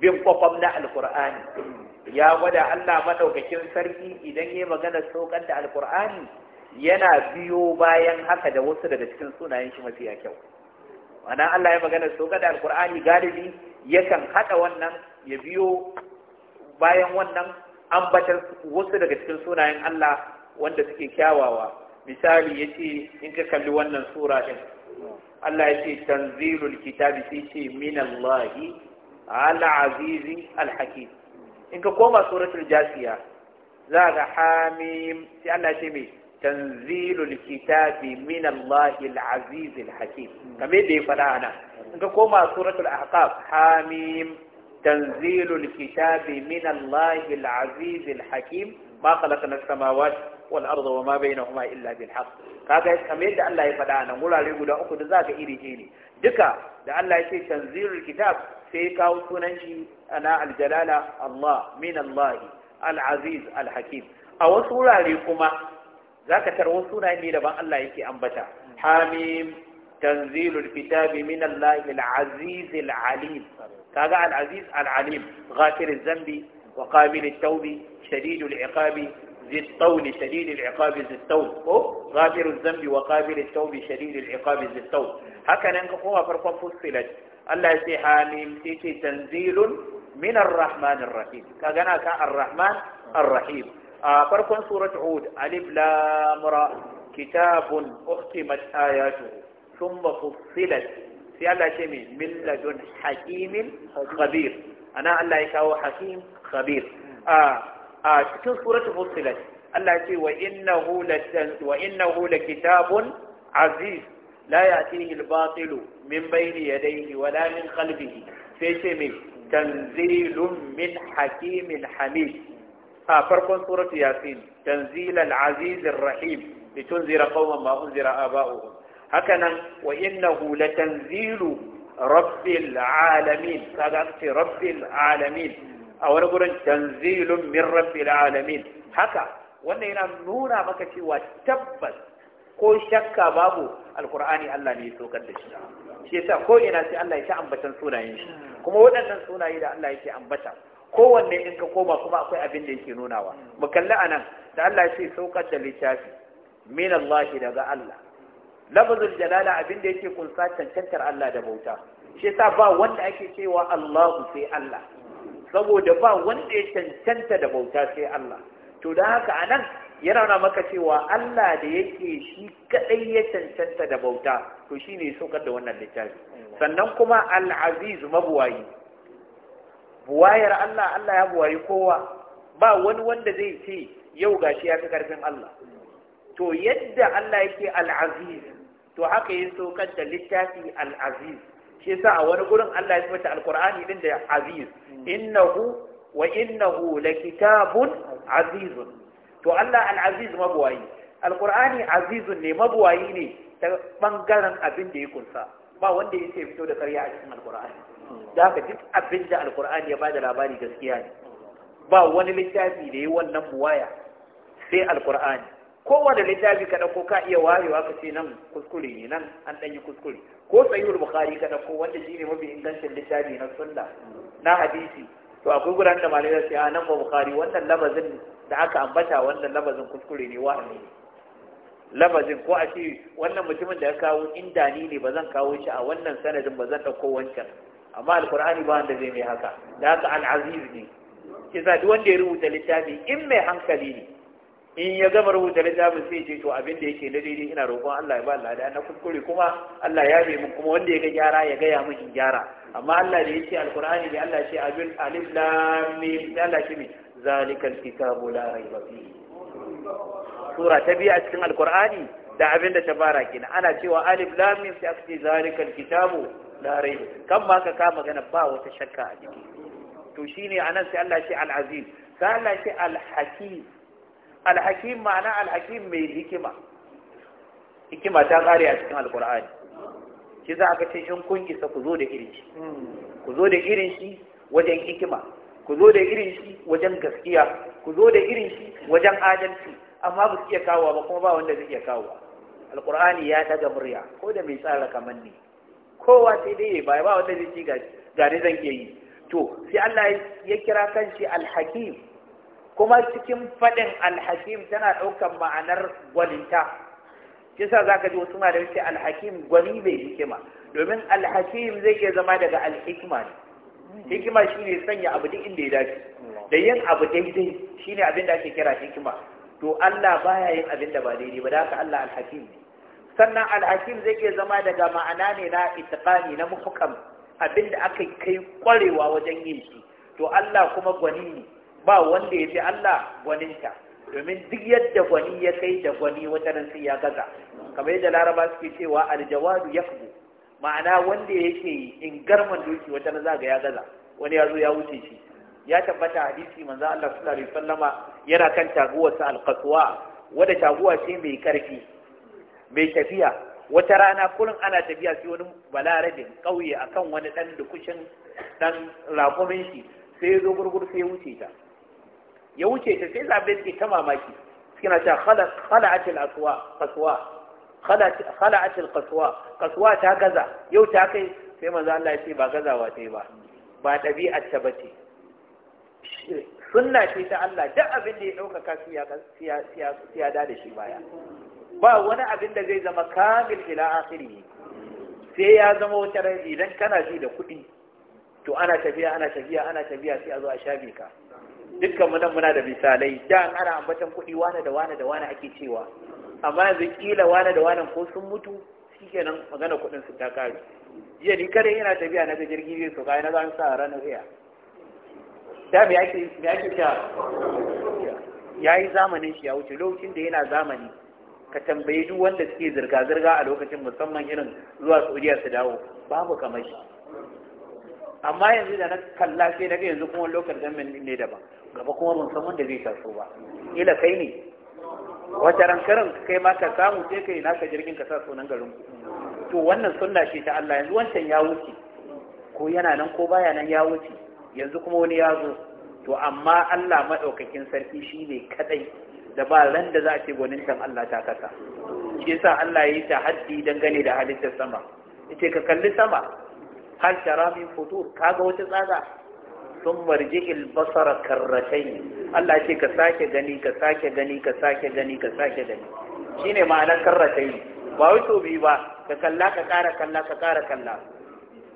bin kwakwam na al al-qur'ani ya gwada allah madaukakin sarki idan ya magana saukar da al al-qur'ani yana biyo bayan haka da wasu daga cikin sunayen shi mafiya kyau ana allah ya magana saukar da al alkur'ani galibi yakan haɗa wannan ya biyo bayan wannan ambatar wasu daga cikin sunayen Allah wanda suke kyawawa misali yace in ka kalli wannan sura din Allah yace tanzilul kitabi sai ce min Allah al in ka koma suratul jasiya za ga hamim sai Allah ce mai tanzilul kitabi min Allahil azizil kamar da ya faɗa ana koma suratul ahqaf hamim tanzilul kitabi min Allahil azizil hakim ma khalaqna as wal arda wa ma bainahuma illa bil haqq kaga kamar yadda Allah ya faɗa nan wurare guda uku da zaka iri iri duka da Allah ya ce tanzilul kitab sai kawo sunan shi ana aljalala Allah min Allah al aziz al hakim a wasu wurare kuma zaka taro wasu sunayen ne daban Allah yake ambata hamim tanzilul kitabi min Allahi al-aziz al-alim kaga al-aziz al-alim ghafir zambi wa qabil at-tawbi shadid al-iqabi ذي الطول شديد العقاب ذي الطول غافر الذنب وقابل التوب شديد farkon ذي allah هكذا نقوم فرقم فصلت الله يسي rahman تيتي تنزيل من الرحمن a farkon surat Hud alif lamura ra kitabun uhkimat ayatuhu thumma fussilat sai Allah ce mai min ladun hakimin khabir ana Allah ya kawo hakim khabir a a cikin suratul fussilat Allah ce wa innahu la wa innahu la kitabun aziz la ya'tihi al-batil min bayni yadayhi wa la min khalfihi sai ce min tanzilun min hakimin hamid a farkon suratu yasin tanzilal azizir rahim litunzira qauman ma unzira aba'uhum nan, wa innahu latanzilu rabbil alamin kaga ce rabbil alamin a wani gurin tanzilun min rabbil alamin haka wannan yana nuna maka cewa tabbas ko shakka babu alkur'ani Allah ne ya sokar da shi shi yasa ko ina sai Allah ya ta ambatan sunayen shi kuma waɗannan sunaye da Allah yake ambata kowanne in ka koma kuma akwai abin da yake nunawa mu kalli anan da Allah ya ce saukar da littafi min Allah daga Allah lafazul jalala abin da yake kunsa cancantar Allah da bauta shi yasa ba wanda ake cewa Allahu sai Allah saboda ba wanda ya cancanta da bauta sai Allah to da haka anan ya rauna maka cewa Allah da yake shi kadai ya cancanta da bauta to shine saukar da wannan littafi sannan kuma al-aziz mabuwayi buwayar Allah Allah ya buwayi kowa ba wani wanda zai ce yau gashi ya fi karfin Allah to yadda Allah yake al-aziz to haka yin saukar da littafi al-aziz shi yasa a wani gurin Allah ya fita al-Qur'ani din da aziz innahu wa innahu lakitabun azizun to Allah al-aziz mabuwayi al-Qur'ani aziz ne mabuwayi ne ta bangaren abin da ya kunsa ba wanda yake fito da karya a cikin al-Qur'ani da haka duk abin da alkur'ani ya ba da labari gaskiya ne ba wani littafi da ya wannan buwaya sai alkur'ani kowane littafi kada ko ka iya wayewa ka ce nan kuskure ne nan an ɗan yi kuskure ko sahihul bukhari kada ko wanda shine mafi ingancin littafi na sunna na hadisi to akwai guran da malai sai nan ba bukhari wannan labazin da aka ambata wannan labazin kuskure ne wa ne labazin ko a ce wannan mutumin da ya kawo inda ni ne ba zan kawo shi a wannan sanadin ba zan ɗauko wancan amma alkur'ani ba wanda zai mai haka da haka al'aziz ne ke sa duk wanda ya rubuta littafi in mai hankali ne in ya gama rubuta littafin sai ce to abin da yake na daidai ina roƙon Allah ya ba Allah da na kuskure kuma Allah ya yi min kuma wanda ya ga gyara ya gaya min in gyara amma Allah da yake alkur'ani da Allah ce abin alif lam mim da Allah zalikal kitabu la raiba fi sura ta biya a cikin alkur'ani da abin da ta bara kina ana cewa alif lam mim sai aka ce zalikal kitabu larai kan ma ka kama gana ba wata shakka a jiki to shine anan sai Allah shi al-aziz sai Allah shi al-hakim al-hakim ma'ana al-hakim mai hikima hikima ta kare a cikin al-qur'ani shi za ka ce in kun isa ku zo da irin shi ku zo da irin shi wajen hikima ku zo da irin shi wajen gaskiya ku zo da irin shi wajen adalci amma ba su iya kawo ba kuma ba wanda zai iya kawo al-qur'ani ya daga murya ko da mai tsara kamanni kowa sai dai ba ba wata zai ci gari zan ke yi to sai Allah ya kira kanshi alhakim kuma cikin fadin alhakim tana ɗaukar ma'anar gwaninta kisa za ka ji wasu ma da wuce alhakim gwani mai hikima domin alhakim zai iya zama daga alhikima ne hikima shine sanya abu duk inda ya dace da yin abu daidai shine abin da ake kira hikima to Allah baya yin abin da ba daidai ba da haka Allah alhakim ne sannan alhakim zai iya zama daga ma'ana ne na itiqani na muhkam abinda aka kai kwarewa wajen yin shi to Allah kuma gwani ne ba wanda ya fi Allah gwaninta domin duk yadda gwani ya kai da gwani wajen, sai ya gaza kamar yadda laraba suke cewa aljawadu fi. ma'ana wanda yake in garman doki wajen zaga ya gaza wani ya zo ya wuce shi ya tabbata hadisi manzo Allah sallallahu alaihi wasallama yana kan taguwarsa alqaswa wadda taguwa ce mai karfi mai tafiya wata rana kullum ana tafiya sai wani balarabin ƙauye akan wani ɗan dukushin ɗan rakumin shi sai ya zo gurgur sai ya wuce ta ya wuce ta sai zaɓe suke ta mamaki suna ta khala'atil aswa kasuwa khala'atil kasuwa kasuwa ta gaza yau ta kai sai manzo Allah ya ce ba gazawa ta ba ba ɗabi'ar ta bace sunna ce ta Allah duk abin da ya ɗaukaka siya ya siya da shi baya ba wani abin da zai zama kamil ila akhiri sai ya zama wata rai idan kana ji da kuɗi to ana tafiya ana tafiya ana tafiya sai a zo a shafe ka dukkan munan muna da misalai da ana ambatan kuɗi wane da wane da wane ake cewa amma yanzu kila wane da wane ko sun mutu shikenan magana kuɗin su ta kare jiya ni kada yana tafiya na ga jirgi zai so kai na zan sa ranar iya da me ake me ake ta yayi zamanin shi ya wuce lokacin da yana zamani ka tambayi duk wanda suke zirga-zirga a lokacin musamman irin zuwa saudiya su dawo babu kamar shi amma yanzu da na kalla sai na yanzu kuma lokacin gamin ne daban gaba kuma ban san wanda zai taso ba ila kai ne wata rankarin kai ma ka samu sai kai naka jirgin ka sa sunan garin to wannan sunna ce ta Allah yanzu wancan ya wuce ko yana nan ko baya nan ya wuce yanzu kuma wani ya zo to amma Allah madaukakin sarki shi ne kadai da ba ran da za a ce Allah ta kasa shi sa Allah ya yi ta haddi dangane da halittar sama Ita ka kalli sama hal tara futu, kaga wata tsaga sun marji ilbasara karratai Allah ce ka sake gani ka sake gani ka sake gani ka sake gani shine ma'anar karratai ba wai so biyu ba ka kalla ka kara kalla ka kara kalla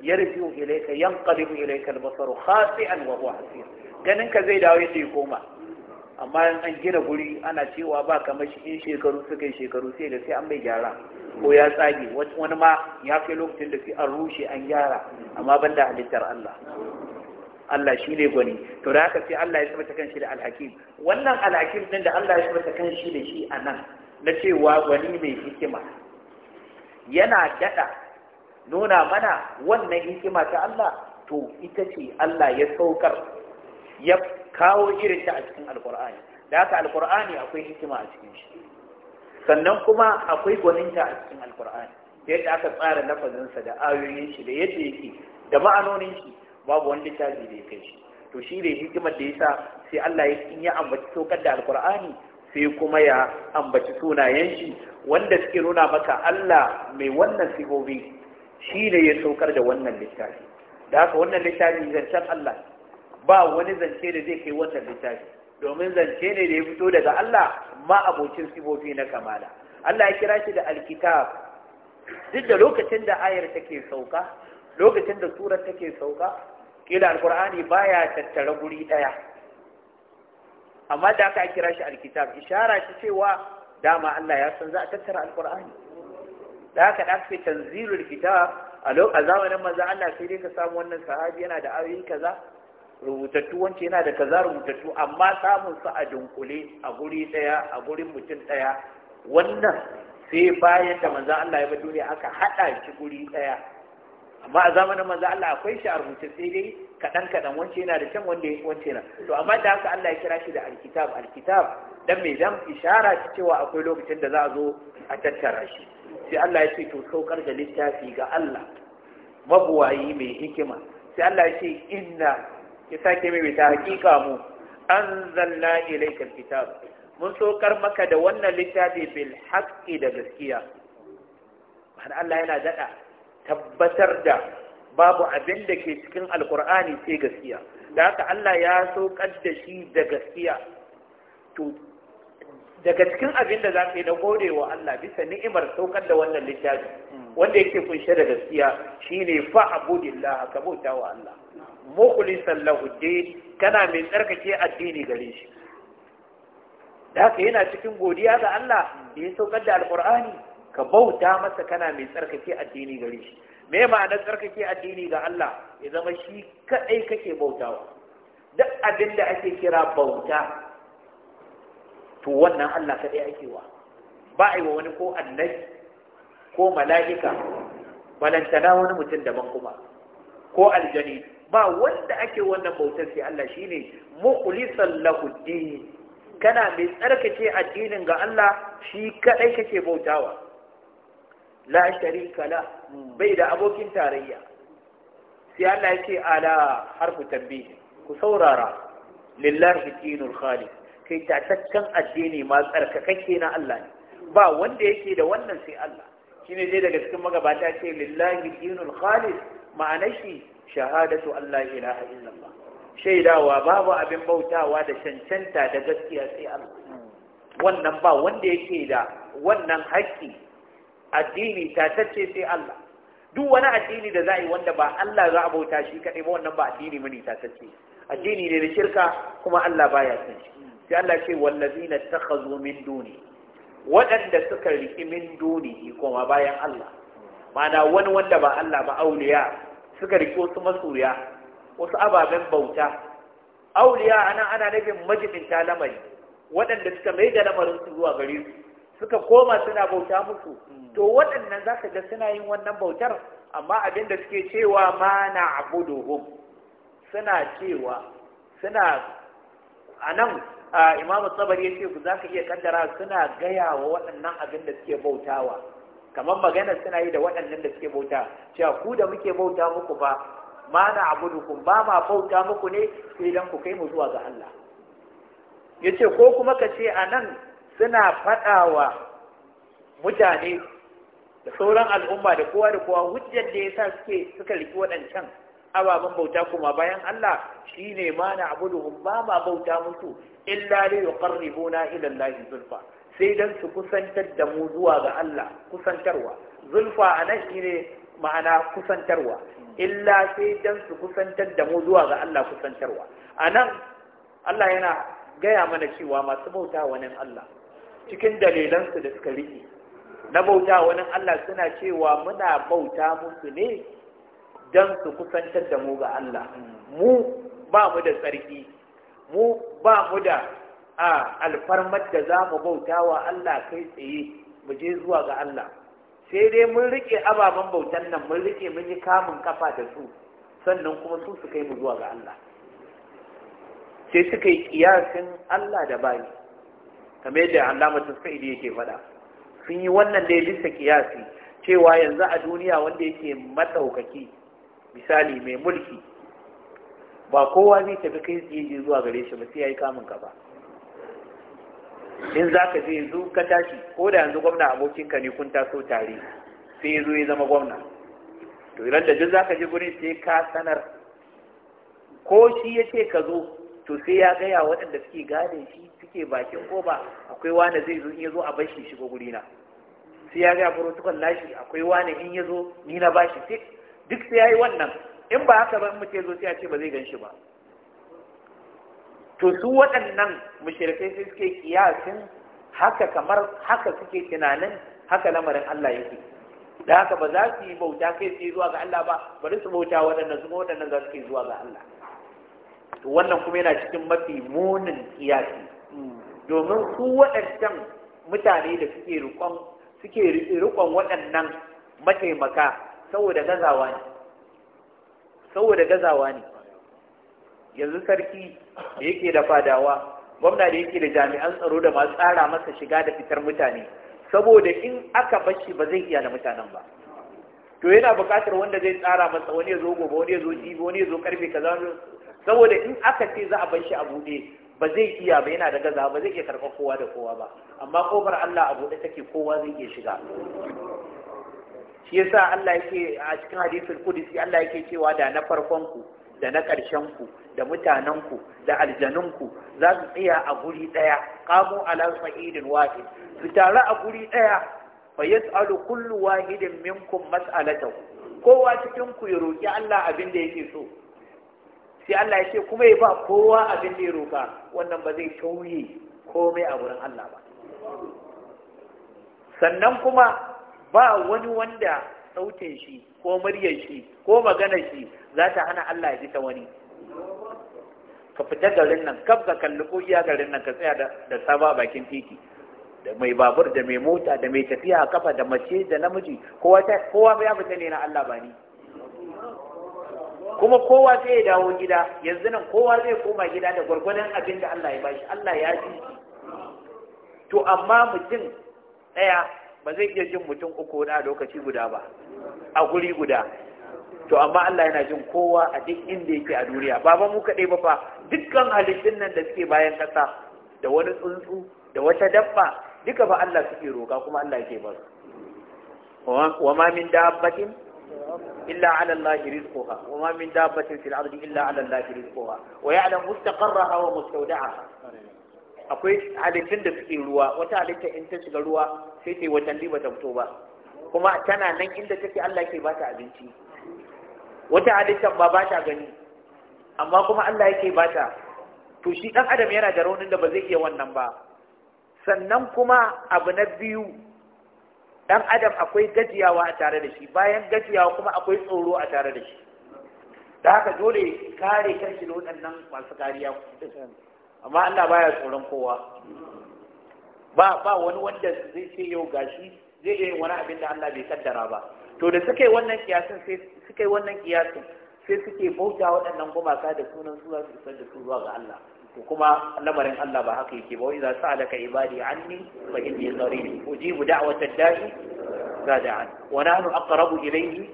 yarjiu ilayka yanqalibu ilayka albasaru khasi'an wa huwa hasir ganin ka zai dawo ya ya koma amma an gina guri ana cewa ba kamar shi in shekaru suka yi shekaru sai da sai an bai gyara ko ya tsage wani ma ya kai lokacin da sai an rushe an gyara amma ban da halittar Allah Allah shi ne gwani to da haka sai Allah ya kan kanshi da alhakim wannan alhakim din da Allah ya kan kanshi da shi a nan na cewa gwani mai hikima yana daɗa nuna mana wannan hikima ta Allah to ita ce Allah ya saukar ya kawo irin ta a cikin alkur'ani da haka alkur'ani akwai hikima a cikin shi sannan kuma akwai gwaninta a cikin alkur'ani yadda aka tsara lafazin sa da ayoyin shi da yadda yake da ma'anonin shi babu wani littafi da ya kai shi to shi ne hikimar da yasa sai Allah ya in ya ambaci saukar da alkur'ani sai kuma ya ambaci sunayen shi wanda suke nuna maka Allah mai wannan sigobi shi ne ya saukar da wannan littafi da haka wannan littafi zancen Allah ba wani zance da zai kai wata littafi domin zance ne da ya fito daga Allah ma abokin sifofi na kamala Allah ya kira shi da alkitab duk da lokacin da ayar take sauka lokacin da sura take sauka kila alqur'ani baya tattara guri daya amma da aka kira shi alkitab ishara shi cewa dama Allah ya san za a tattara alqur'ani da aka da aka tanzilul kitab a zamanin manzo Allah sai dai ka samu wannan sahabi yana da ayoyi kaza rubutattu wance yana da kaza rubutattu amma samun su a dunkule a guri daya a gurin mutum daya wannan sai bayan da manzan Allah ya bi duniya aka hada shi guri daya amma a zamanin manzan Allah akwai shi a rubuce sai dai kadan kadan wance yana da can wanda wance na to amma da haka Allah ya kira shi da alkitab alkitab dan mai dan ishara cewa akwai lokacin da za a zo a tattara shi sai Allah ya ce to saukar da littafi ga Allah mabuwayi mai hikima sai Allah ya ce inna ya sake mai ta hakika mu zalla ilaikal kitab mun sokar maka da wannan littafi bil haqqi da gaskiya ma'ana Allah yana dada tabbatar da babu abin da ke cikin alkur'ani sai gaskiya da haka Allah ya sokar da shi da gaskiya to daga cikin abin da za ka yi na gode wa Allah bisa ni'imar saukar da wannan littafi wanda yake kunshe da gaskiya shine fa abudillah ka wa Allah mukhlisan lahu din kana mai tsarkake addini gare shi da haka yana cikin godiya ga Allah da ya saukar da alqur'ani ka bauta masa kana mai tsarkake addini gare shi me ma'anar tsarkake addini ga Allah ya zama shi kadai kake bautawa duk abin da ake kira bauta to wannan Allah kadai ake wa ba a yi wa wani ko annabi ko mala'ika balantana wani mutum daban kuma ko aljani ba wanda ake wannan bautar sai Allah shine mukhlisan lahu kana mai tsarkake addinin ga Allah shi kadai kake bautawa la sharika la bai da abokin tarayya sai Allah yake ala harfu tanbih ku saurara lillahi dinul khalis kai tataccen addini ma tsarkakake na Allah ne ba wanda yake da wannan sai Allah shine dai daga cikin magabata ce lillahi dinul khalis Ma'ana shi shahadatu Allah ilaha illallah shaidawa babu abin bautawa da cancanta da gaskiya sai Allah wannan ba wanda yake da wannan haƙƙi addini ta tatacce sai Allah duk wani addini da za a yi wanda ba Allah za a bauta shi kaɗai ba wannan ba addini ta tatacce addini ne da shirka kuma Allah baya san shi sai Allah ce wallazina takhazu min duni waɗanda suka riki min duni kuma bayan Allah mana wani wanda ba Allah ba auliya suka riƙe wasu masoya wasu ababen bauta auliya ana ana nufin majibinta lamari waɗanda suka mai da lamarin su zuwa gare su suka koma suna bauta musu hmm. to waɗannan za ka ga suna yin wannan bautar amma abin da suke cewa ma na abuduhum suna cewa suna a nan imamu tsabar ya ce za ka iya kaddara suna gaya wa waɗannan abin da suke bautawa kamar magana suna yi da waɗannan da suke bauta cewa ku da muke bauta muku ba ma na abudukum ba ma bauta muku ne sai dan ku kai mu zuwa ga Allah yace ko kuma ka ce a nan suna faɗawa mutane da sauran al'umma da kowa da kowa hujjar da yasa suke suka riki waɗancan ababen bauta kuma bayan Allah shine ma na abudukum ba ma bauta muku illa li yuqarribuna ila Allah zulfa sai don su kusantar da mu zuwa ga Allah kusantarwa zulfa a shi ne ma'ana kusantarwa illa sai don su kusantar da mu zuwa ga Allah kusantarwa a Allah yana gaya mana cewa masu bauta wani Allah cikin dalilansu da suka riƙe na bauta wani Allah suna cewa muna bauta musu ne don su kusantar da mu ga Allah mu ba mu da tsarki mu ba mu da a alfarmar da za mu bauta wa Allah kai tsaye mu je zuwa ga Allah sai dai mun rike ababen bautan nan mun rike mun yi kamun kafa da su sannan kuma su su kai mu zuwa ga Allah sai suka yi kiyasin Allah da bani. kamar yadda Allamatu Sa'idi yake faɗa sun yi wannan dai bisa kiyasi cewa yanzu a duniya wanda yake matsaukaki misali mai mulki ba kowa zai tafi kai tsaye zuwa gare shi ba sai ya yi kamun kafa in za ka je yanzu ka tashi ko da yanzu gwamna abokinka ne kun taso tare sai yanzu ya zama gwamna to idan da duk za ka je gurin sai ka sanar ko shi ya ce ka zo to sai ya gaya waɗanda suke gane shi suke bakin ba akwai wani zai zo in ya zo a bashi shigo gurina sai ya gaya protocol nashi akwai wani in ya zo ni na bashi duk sai ya yi wannan in ba haka ba in mutum ya zo sai a ce ba zai gan shi ba to su waɗannan musirikai sai suke kiyasin haka kamar haka suke tunanin haka lamarin Allah yake da haka ba za su yi bauta kai su zuwa ga Allah ba bari su bauta waɗannan su waɗannan za su zuwa ga Allah to wannan kuma yana cikin mafi munin kiyasi domin su waɗancan mutane da suke rikon suke rikon waɗannan mataimaka saboda gazawa ne saboda gazawa ne yanzu sarki da yake da fadawa gwamna da yake da jami'an tsaro da masu tsara masa shiga da fitar mutane saboda in aka bashi ba zai iya da mutanen ba to yana buƙatar wanda zai tsara masa wani ya zo gobe wani ya zo jibi wani ya zo karfe kaza saboda in aka ce za a bar shi a buɗe ba zai iya ba yana da gaza ba zai iya karɓar kowa da kowa ba amma kofar Allah a buɗe take kowa zai iya shiga shi yasa Allah yake a cikin hadisul qudsi Allah yake cewa da na farkon ku da na ƙarshen ku da mutanen ku da aljanun ku za su tsaya a guri ɗaya qamu ala sa'idin wahid su taru a guri ɗaya fa yas'alu kullu wahidin minkum mas'alatahu kowa cikin ku ya roki Allah abin da yake so sai Allah ya ce kuma ya ba kowa abin da ya roka wannan ba zai tauye komai a gurin Allah ba sannan kuma ba wani wanda sautin shi ko muryar shi ko maganar shi za ta hana Allah ya ji ta wani ka fita garin nan kaf ka kalli ko iya garin nan ka tsaya da saba bakin titi da mai babur da mai mota da mai tafiya a kafa da mace da namiji kowa ta kowa ya fita ne na Allah ba ni kuma kowa sai ya dawo gida yanzu nan kowa zai koma gida da gwargwadon abin da Allah ya bashi Allah ya ji to amma mutum ɗaya ba zai iya jin mutum uku na lokaci guda ba a guri guda to amma Allah yana jin kowa a duk inda yake a duniya ba ba mu kaɗai ba fa dukkan halittun nan da suke bayan ƙasa da wani tsuntsu da wata dabba duka ba Allah suke roƙa kuma Allah yake ba wa ma min dabbatin illa ala Allah rizquha wa ma min dabbatin fil ardi illa ala Allah rizquha wa ya'lam mustaqarraha wa mustawda'aha akwai halittun da suke ruwa wata halitta in ta shiga ruwa sai ce wajen watanni ba ta fito ba kuma tana nan inda take Allah yake ba ta abinci wata halittar ba ba ta gani amma kuma Allah yake ba ta to shi ɗan adam yana da raunin da ba zai iya wannan ba sannan kuma abu na biyu dan adam akwai gajiyawa a tare da shi bayan gajiyawa kuma akwai tsoro a tare da shi da haka dole kare kanshi da waɗannan masu kariya amma Allah baya tsoron kowa ba ba wani wanda zai ce yau gashi zai iya wani abin da Allah bai kaddara ba to da suke wannan kiyasin sai suka wannan kiyasin sai suke bauta waɗannan gumaka da sunan su su isar da su zuwa ga Allah to kuma lamarin Allah ba haka yake ba wai za su alaka ibadi anni fa inni qarib ujibu da'wata da'i ga da'an wa nahnu aqrabu ilayhi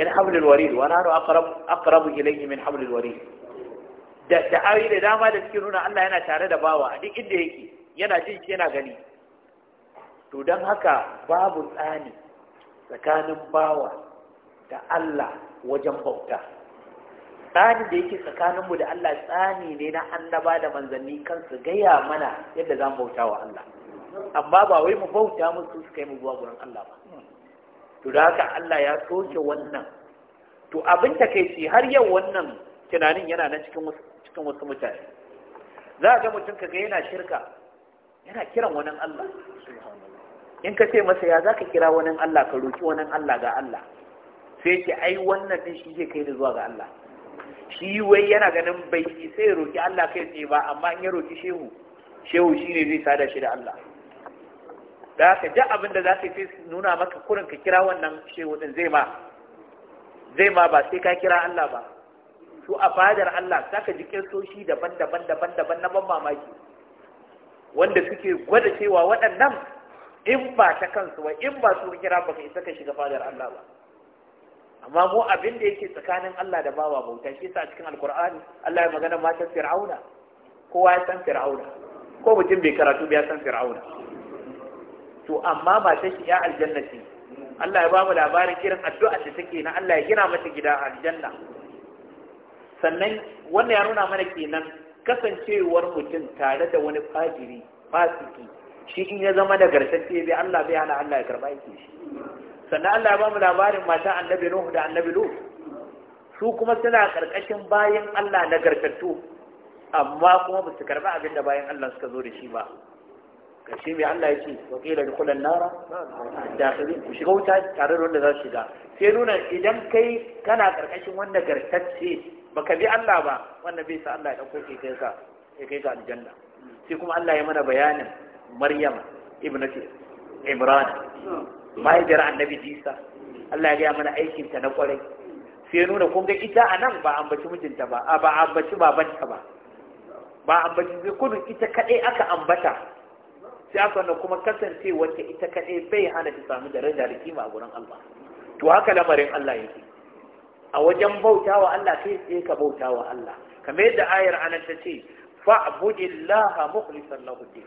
min hablil alwarid wa nahnu aqrabu aqrabu ilayhi min hablil alwarid da da da dama da suke nuna Allah yana tare da bawa a duk inda yake yana jin shi yana gani to don haka babu tsani tsakanin bawa da Allah wajen bauta tsani da yake tsakaninmu da Allah tsani ne na annaba da manzanni kansu gaya mana yadda za mu bauta wa Allah amma ba wai mu bauta musu su kai mu zuwa gurin Allah ba to da haka Allah ya soke wannan to abin ta takaici har yau wannan tunanin yana na cikin wasu mutane za ga mutum ga yana shirka yana kiran wani Allah in ka ce masa ya za ka kira wani Allah ka roƙi wani Allah ga Allah sai ce ai wannan din shi zai kai da zuwa ga Allah shi wai yana ganin bai isa ya roƙi Allah kai tsaye ba amma in ya roƙi shehu shehu shi ne zai sada shi da Allah da ka ji abin da za ka yi nuna maka kurin ka kira wannan shehu din zai ma zai ma ba sai ka kira Allah ba to a fadar Allah za ka ji kirsoshi daban-daban daban-daban na ban mamaki wanda suke gwada cewa waɗannan in ba ta kansu ba in ba su kira ba kai saka shiga fadar Allah ba amma mu abin da yake tsakanin Allah da bawa bauta shi yasa a cikin alkur'ani Allah ya magana matan fir'auna kowa ya san fir'auna ko mutum bai karatu ba ya san fir'auna to amma ba ta shi ya aljannati Allah ya ba mu labarin irin addu'a da take na Allah ya gina mata gida aljanna sannan wannan ya nuna mana kenan kasancewar mutum tare da wani fajiri fasiki shi in ya zama da garshacce bai Allah bai hana Allah ya karba yake shi sannan Allah ya ba mu labarin mata annabi Nuhu da annabi Lut su kuma suna karkashin bayan Allah na garkatu amma kuma ba su karba abin da bayan Allah suka zo da shi ba kashi mai Allah ya ce wakila da kullun nara da ku shiga wuta tare da wanda za su shiga sai nuna idan kai kana karkashin wanda gartacce baka bi Allah ba wannan bai sa Allah ya dauko ke kai ka ya kai ka aljanna sai kuma Allah ya mana bayanin Maryam ibnati Imran mahaifiyar annabi Isa Allah ya ga mana aikin ta na kwarai sai nuna kun ga ita anan ba ambaci mijinta ba a ba ambaci babanta ba ba ambaci sai kudin ita kadai aka ambata sai aka wannan kuma kasance wacce ita kadai bai hana ta samu daraja da kima a gurin Allah to haka lamarin Allah yake a wajen bautawa Allah sai sai ka bautawa Allah kamar yadda ayar anan ta ce fa'budillaha mukhlishan lahu din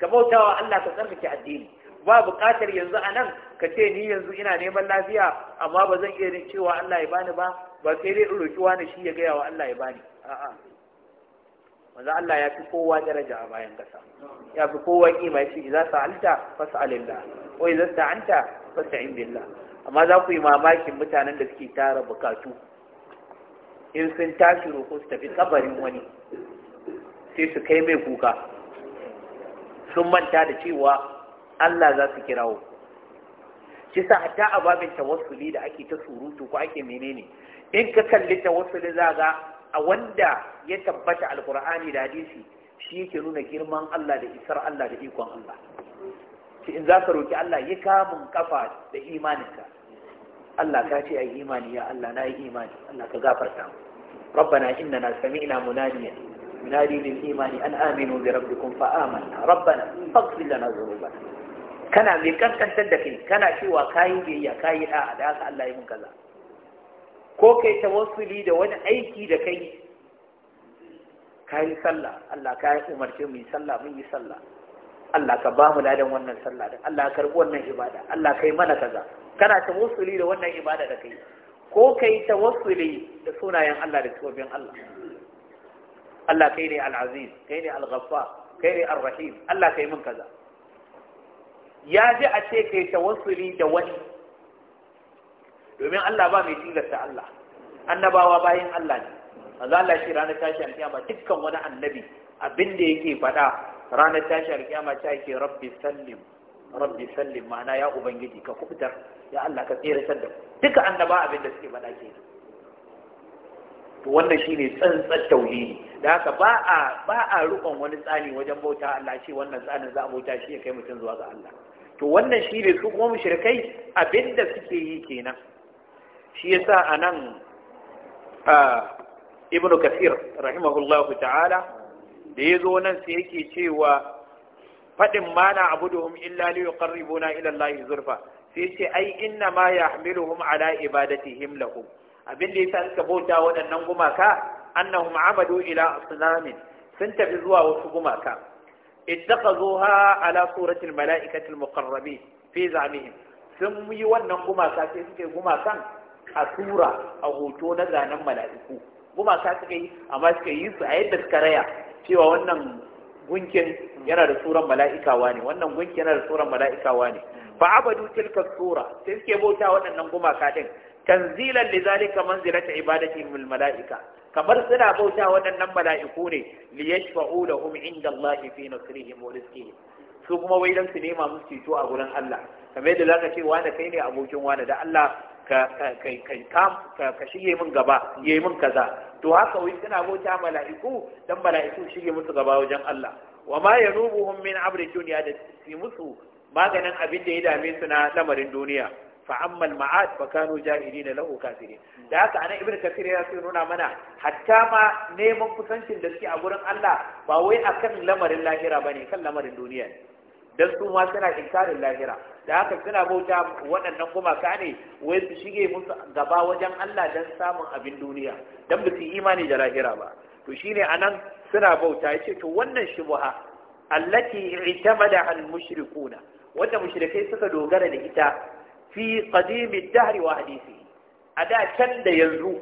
ka bautawa Allah ka kake addini ba buƙatar yanzu anan ka ce ni yanzu ina neman lafiya amma ba zan iya cewa Allah ya bani ba ba sai dai in roki wani shi ya gaya wa Allah ya bani a'a manzo Allah ya fi kowa daraja a bayan kasa ya fi kowa kima za idza alta fas'alillah wa idza sta'anta fasta'in billah amma za ku yi mamakin mutanen da suke tara bukatu in sun tashi roƙo su tafi kabarin wani sai su kai mai kuka sun manta da cewa Allah za su kirawo shi sa hatta a babin tawassuli da ake ta surutu ko ake menene in ka kalli tawassuli za ga a wanda ya tabbata alkur'ani da hadisi shi yake nuna girman Allah da isar Allah da ikon Allah shi in za ka roki Allah ya kamun kafa da imaninka Allah ka ce ai imani ya Allah na yi imani Allah ka gafarta mu ربنا إننا سمعنا مناديا منادي للإيمان أن آمنوا بربكم فآمنا ربنا فاغفر لنا ذنوبنا كان ميكان كان تدكني كان شوى كاي بيا da haka Allah الله mun kaza. ko kai tawassuli da wani aiki da kai kayi sallah Allah ka ya umarce mu yi sallah mun yi sallah Allah ka ba mu ladan wannan sallah da Allah ka karbi wannan ibada Allah kai mana kaza kana tawassuli da wannan ibada da kai ko kai tawassuli da sunayen Allah da tsobin Allah Allah kai ne al-aziz kai ne al-ghaffar kai ne ar-rahim Allah kai mun kaza ya ji a ce kai tawassuli da wani domin Allah ba mai tilasta Allah annabawa bayan Allah ne manzo Allah shi ranar tashi alkiyama dukkan wani annabi abin da yake faɗa ranar tashi alkiyama ta yake rabbi sallim rabbi sallim ma'ana ya ubangiji ka kubutar ya Allah ka tsiratar da duka annaba abin da suke faɗa kenan to wannan shine tsantsar tauhidi da haka ba a ba a rukon wani tsani wajen bauta Allah shi wannan tsanin za a bauta shi ya kai mutum zuwa ga Allah to wannan shine su kuma mushrikai abin da suke yi kenan shi yasa anan ibnu kathir rahimahullahu ta'ala da yazo nan sai yake cewa faɗin ma na abuduhum illa li yuqarribuna ila Allah zurfa sai ce ai inna ma yahmiluhum ala ibadatihim lahum abin da yasa suka bauta waɗannan gumaka annahum amadu ila asnamin sun tafi zuwa wasu gumaka ittaqazuha ala surati almalaikati almuqarrabin fi zamihim sun yi wannan gumaka sai suke gumakan a a hoto na zanen mala'iku gumaka suka yi amma suka yi su a yadda suka raya cewa wannan gunkin yana da suran mala'ika ne wannan gunkin yana da suran mala'ikawa ne ba abadu tilka sura sai suke bauta waɗannan gumaka din tanzilan li zalika manzilata ibadatihim al mala'ika kamar suna bauta waɗannan mala'iku ne li yashfa'u lahum inda Allah fi nasrihim wa rizqihim su kuma wai dan su nema musu ceto a gurin Allah kamar yadda zaka ce wani kai ne abokin wani da Allah ka shige min gaba yi min kaza to haka wai suna bauta mala'iku don mala'iku shige musu gaba wajen Allah wa ma ya hun min amri duniya da su musu maganin abin da ya dame su na lamarin duniya fa ammal ma'ad fa kanu na lahu kafirin da haka anan ibnu kasir ya so nuna mana hatta ma neman kusancin da suke a gurin Allah ba wai akan lamarin lahira bane kan lamarin duniya ne dan su ma suna inkarin lahira da haka suna bauta waɗannan gumaka ne wai su shige musu gaba wajen Allah dan samun abin duniya dan ba su imani da lahira ba to shine anan suna bauta yace to wannan shubha allati itamada al mushrikuna wanda mushrikai suka dogara da ita fi qadimi dahri wa hadisi a da can da yanzu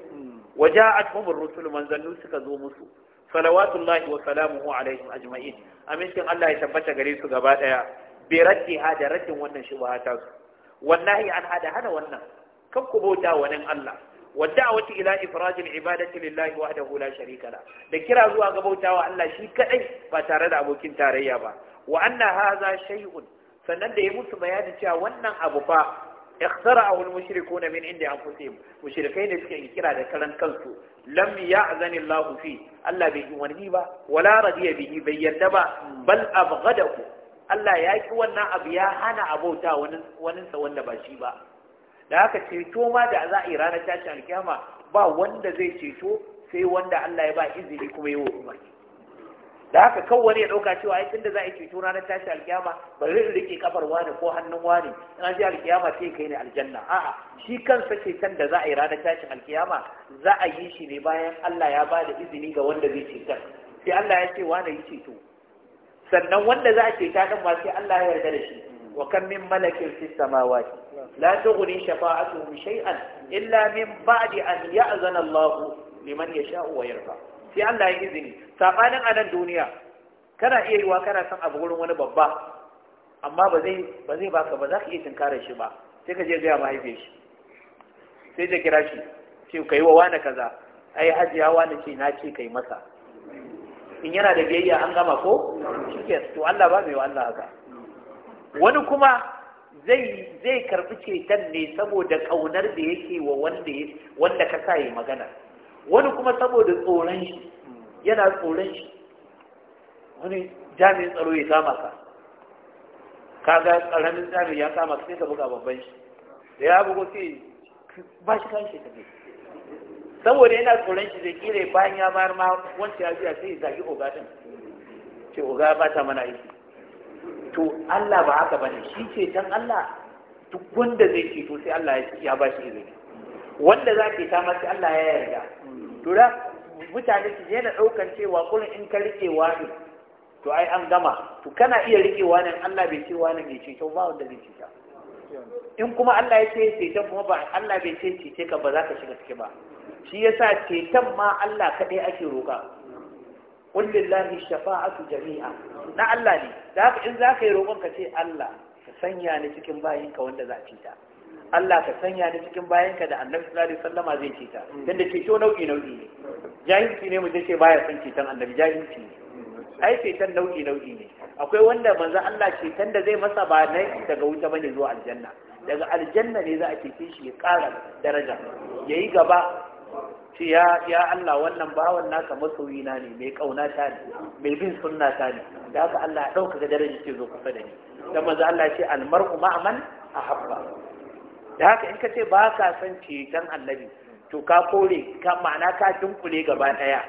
waja'atuhum ar-rusul manzannu suka zo musu salawatullahi wa salamuhu alaihim ajma'in amincin Allah ya tabbata gare su gaba daya bi raddiha da raddin wannan shubha ta su wallahi an hada hana wannan kan ku bauta wa Allah wa da'wati ila ifraj al-ibadati lillahi wahdahu la sharika la da kira zuwa ga bautawa Allah shi kadai ba tare da abokin tarayya ba wa anna hadha shay'un sannan da ya mutu bayani cewa wannan abu fa اخترعه المشركون من عند انفسهم مشركين suka kira da kalan kansu lam ya Allah fi Allah bai yi wani ba wala radiya bihi bai yarda ba bal abghadahu Allah ya ki wannan abu ya hana abota wani wani sa wanda ba shi ba da haka ceto ma da za a yi ranar tashin alkiyama ba wanda zai ceto sai wanda Allah ya ba izini kuma yi wa umarni da haka wani ya ɗauka cewa ai tunda za a yi ceto ranar tashi alkiyama ba zai rike kafar wani ko hannun wani in an ji alkiyama sai kai ne aljanna a'a shi kansa can da za a yi ranar tashin alkiyama za a yi shi ne bayan Allah ya ba da izini ga wanda zai ceton sai Allah ya ce wani yi ceto sannan wanda za a ceta din ma sai Allah ya yarda da shi wa kan min malakin fis samawati la tughni shafa'atuhum shay'an illa min ba'di an ya'zana neman liman yasha'u wa yarda sai Allah ya izini sabanin a nan duniya kana iya yiwa kana son abu gurin wani babba amma ba zai ba zai baka ba za ka iya tunkarar shi ba sai ka je ga mahaifiyar shi sai ta kira shi ce kai wa wani kaza ai hajiya wani ce na ce kai masa in yana da biyayya an gama ko shike to Allah ba mai wa Allah haka wani kuma zai zai karbi ceton ne saboda kaunar da yake wa wanda wanda ka sa yi magana wani kuma saboda tsoron shi yana tsoron shi wani jami'in tsaro ya kama ka kaga karamin jami'in ya kama sai ka buga babban shi da ya bugo sai ba shi kan shi tafi saboda yana tsoron shi zai kira bayan ya bayar ma wancan ya biya sai ya zagi oga din ce oga ba ta mana aiki to Allah ba haka bane shi ce dan Allah duk wanda zai ceto sai Allah ya ba shi izini wanda za ka yi ta masu Allah ya yarda to da mutane su daina ɗaukan cewa kullum in ka rike wani to ai an gama to kana iya rike wani Allah bai ce wani mai ceto ba wanda zai cita? in kuma Allah ya ce ceto kuma ba Allah bai ce cece ka ba za ka shiga ciki ba shi ya sa ceton ma Allah kaɗai ake roƙa قل لله الشفاعة jami'a na Allah ne in za ka yi roƙon ka ce Allah ka sanya ni cikin bayinka wanda za a cita. Allah ka sanya ni cikin bayanka da annabi sallallahu alaihi wasallama zai ceta dan da ceto nau'i nau'i ne jahilci ne mutum ce baya son ceton annabi jahilci ne ai ceton nau'i nau'i ne akwai wanda manzo Allah ceton da zai masa ba nai daga wuta bane zuwa aljanna daga aljanna ne za a cece shi ya ƙara daraja yayi gaba ce ya ya Allah wannan bawan naka masoyi na ne mai kauna ta ne mai bin sunna ta ne da haka Allah ya dauka ga darajar ce zo kusa da ni dan manzo Allah ya ce al mar'u ahabba da haka in ka ce ba ka san ceton annabi to ka kore ka ma'ana ka dunkule gaba ɗaya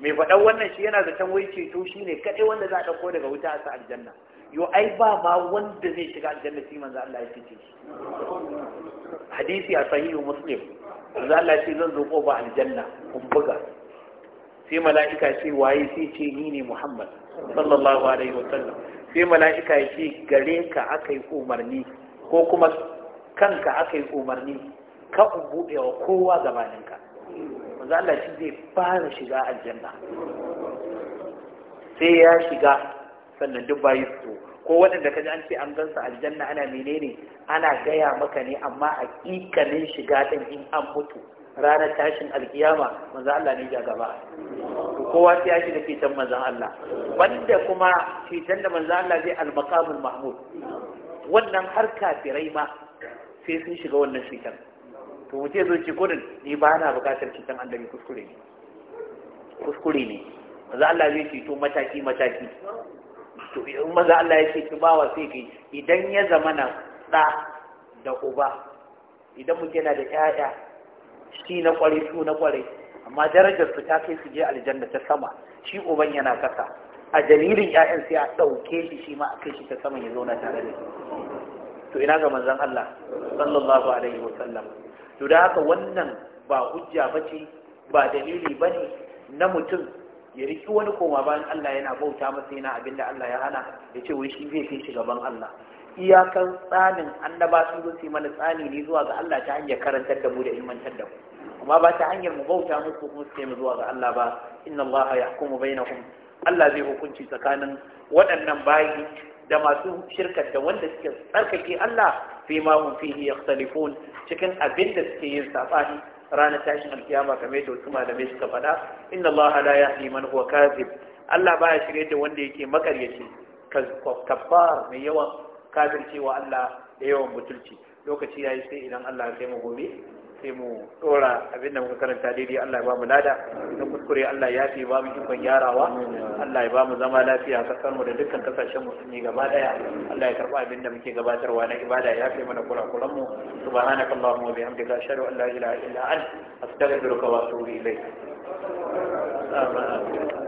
mai faɗan wannan shi yana zaton wai ceto shi ne kaɗai wanda za a ɗauko daga wuta a sa aljanna yo ai ba ma wanda zai shiga aljanna shi manzo Allah ya ce shi hadisi a sahihu muslim manzo Allah ce zan zo ba aljanna kun buga sai mala'ika ce waye sai ce ni ne Muhammad sallallahu alaihi wasallam sai mala'ika ya ce gare ka aka yi umarni ko kuma kanka aka yi umarni ka buɗe wa kowa gabaninka manzo Allah shi zai fara shiga aljanna sai ya shiga sannan duk bayi su ko waɗanda ka ji an ce an gansa aljanna ana menene ana gaya maka ne amma a ƙiƙanin shiga ɗin in an mutu ranar tashin alkiyama manzo Allah ne ya gaba kowa sai ya shiga fitan manzon Allah wanda kuma fitan da manzo Allah zai almakamin mahmud wannan har kafirai ma sai sun shiga wannan cutar to mu ce zo ci gudun ni ba na bukatar cutar annabi kuskure ne kuskure ne maza Allah zai ce to mataki mataki to in maza Allah ya ce ki wa sai kai idan ya zama na da da uba idan muke na da 'ya'ya, shi na kware su na kware amma darajar su ta kai su je aljanna ta sama shi uban yana kasa a dalilin ƴaƴan sai a ɗauke shi shi ma a kai shi ta sama ya zauna tare da shi to ina ga manzon Allah sallallahu alaihi wasallam to da haka wannan ba hujja bace ba dalili bane na mutum ya riki wani koma bayan Allah yana bauta masa yana abinda Allah ya hana ya ce wai shi zai kai shi gaban Allah iyakan tsanin annaba sun zo su mana tsani ne zuwa ga Allah ta hanyar karantar da mu da ilmantar da mu amma ba ta hanyar mu bauta musu kuma su mu zuwa ga Allah ba inna Allah yahkumu bainahum Allah zai hukunci tsakanin waɗannan bayi da masu shirkar da wanda suke tsarkake Allah fi ma hum fihi yakhtalifun cikin abin da suke yin sabani ranar tashin alkiyama kamar yadda wasu malamai suka faɗa inna Allah la yahdi man huwa kazib Allah baya shirye da wanda yake makaryaci kabbar mai yawan kafircewa Allah da yawan mutunci lokaci yayi sai idan Allah ya kai mu gobe sai mu dora abin da muka karanta daidai Allah ya ba mu lada na kuskure Allah ya fi ba mu ikon gyarawa Allah ya ba mu zama lafiya a kasar mu da dukkan kasashen musulmi gaba daya Allah ya karba abin da muke gabatarwa na ibada ya fi mana kurakuran mu subhanakallahumma wa bihamdika ashhadu an la ilaha illa anta astaghfiruka wa atubu ilayk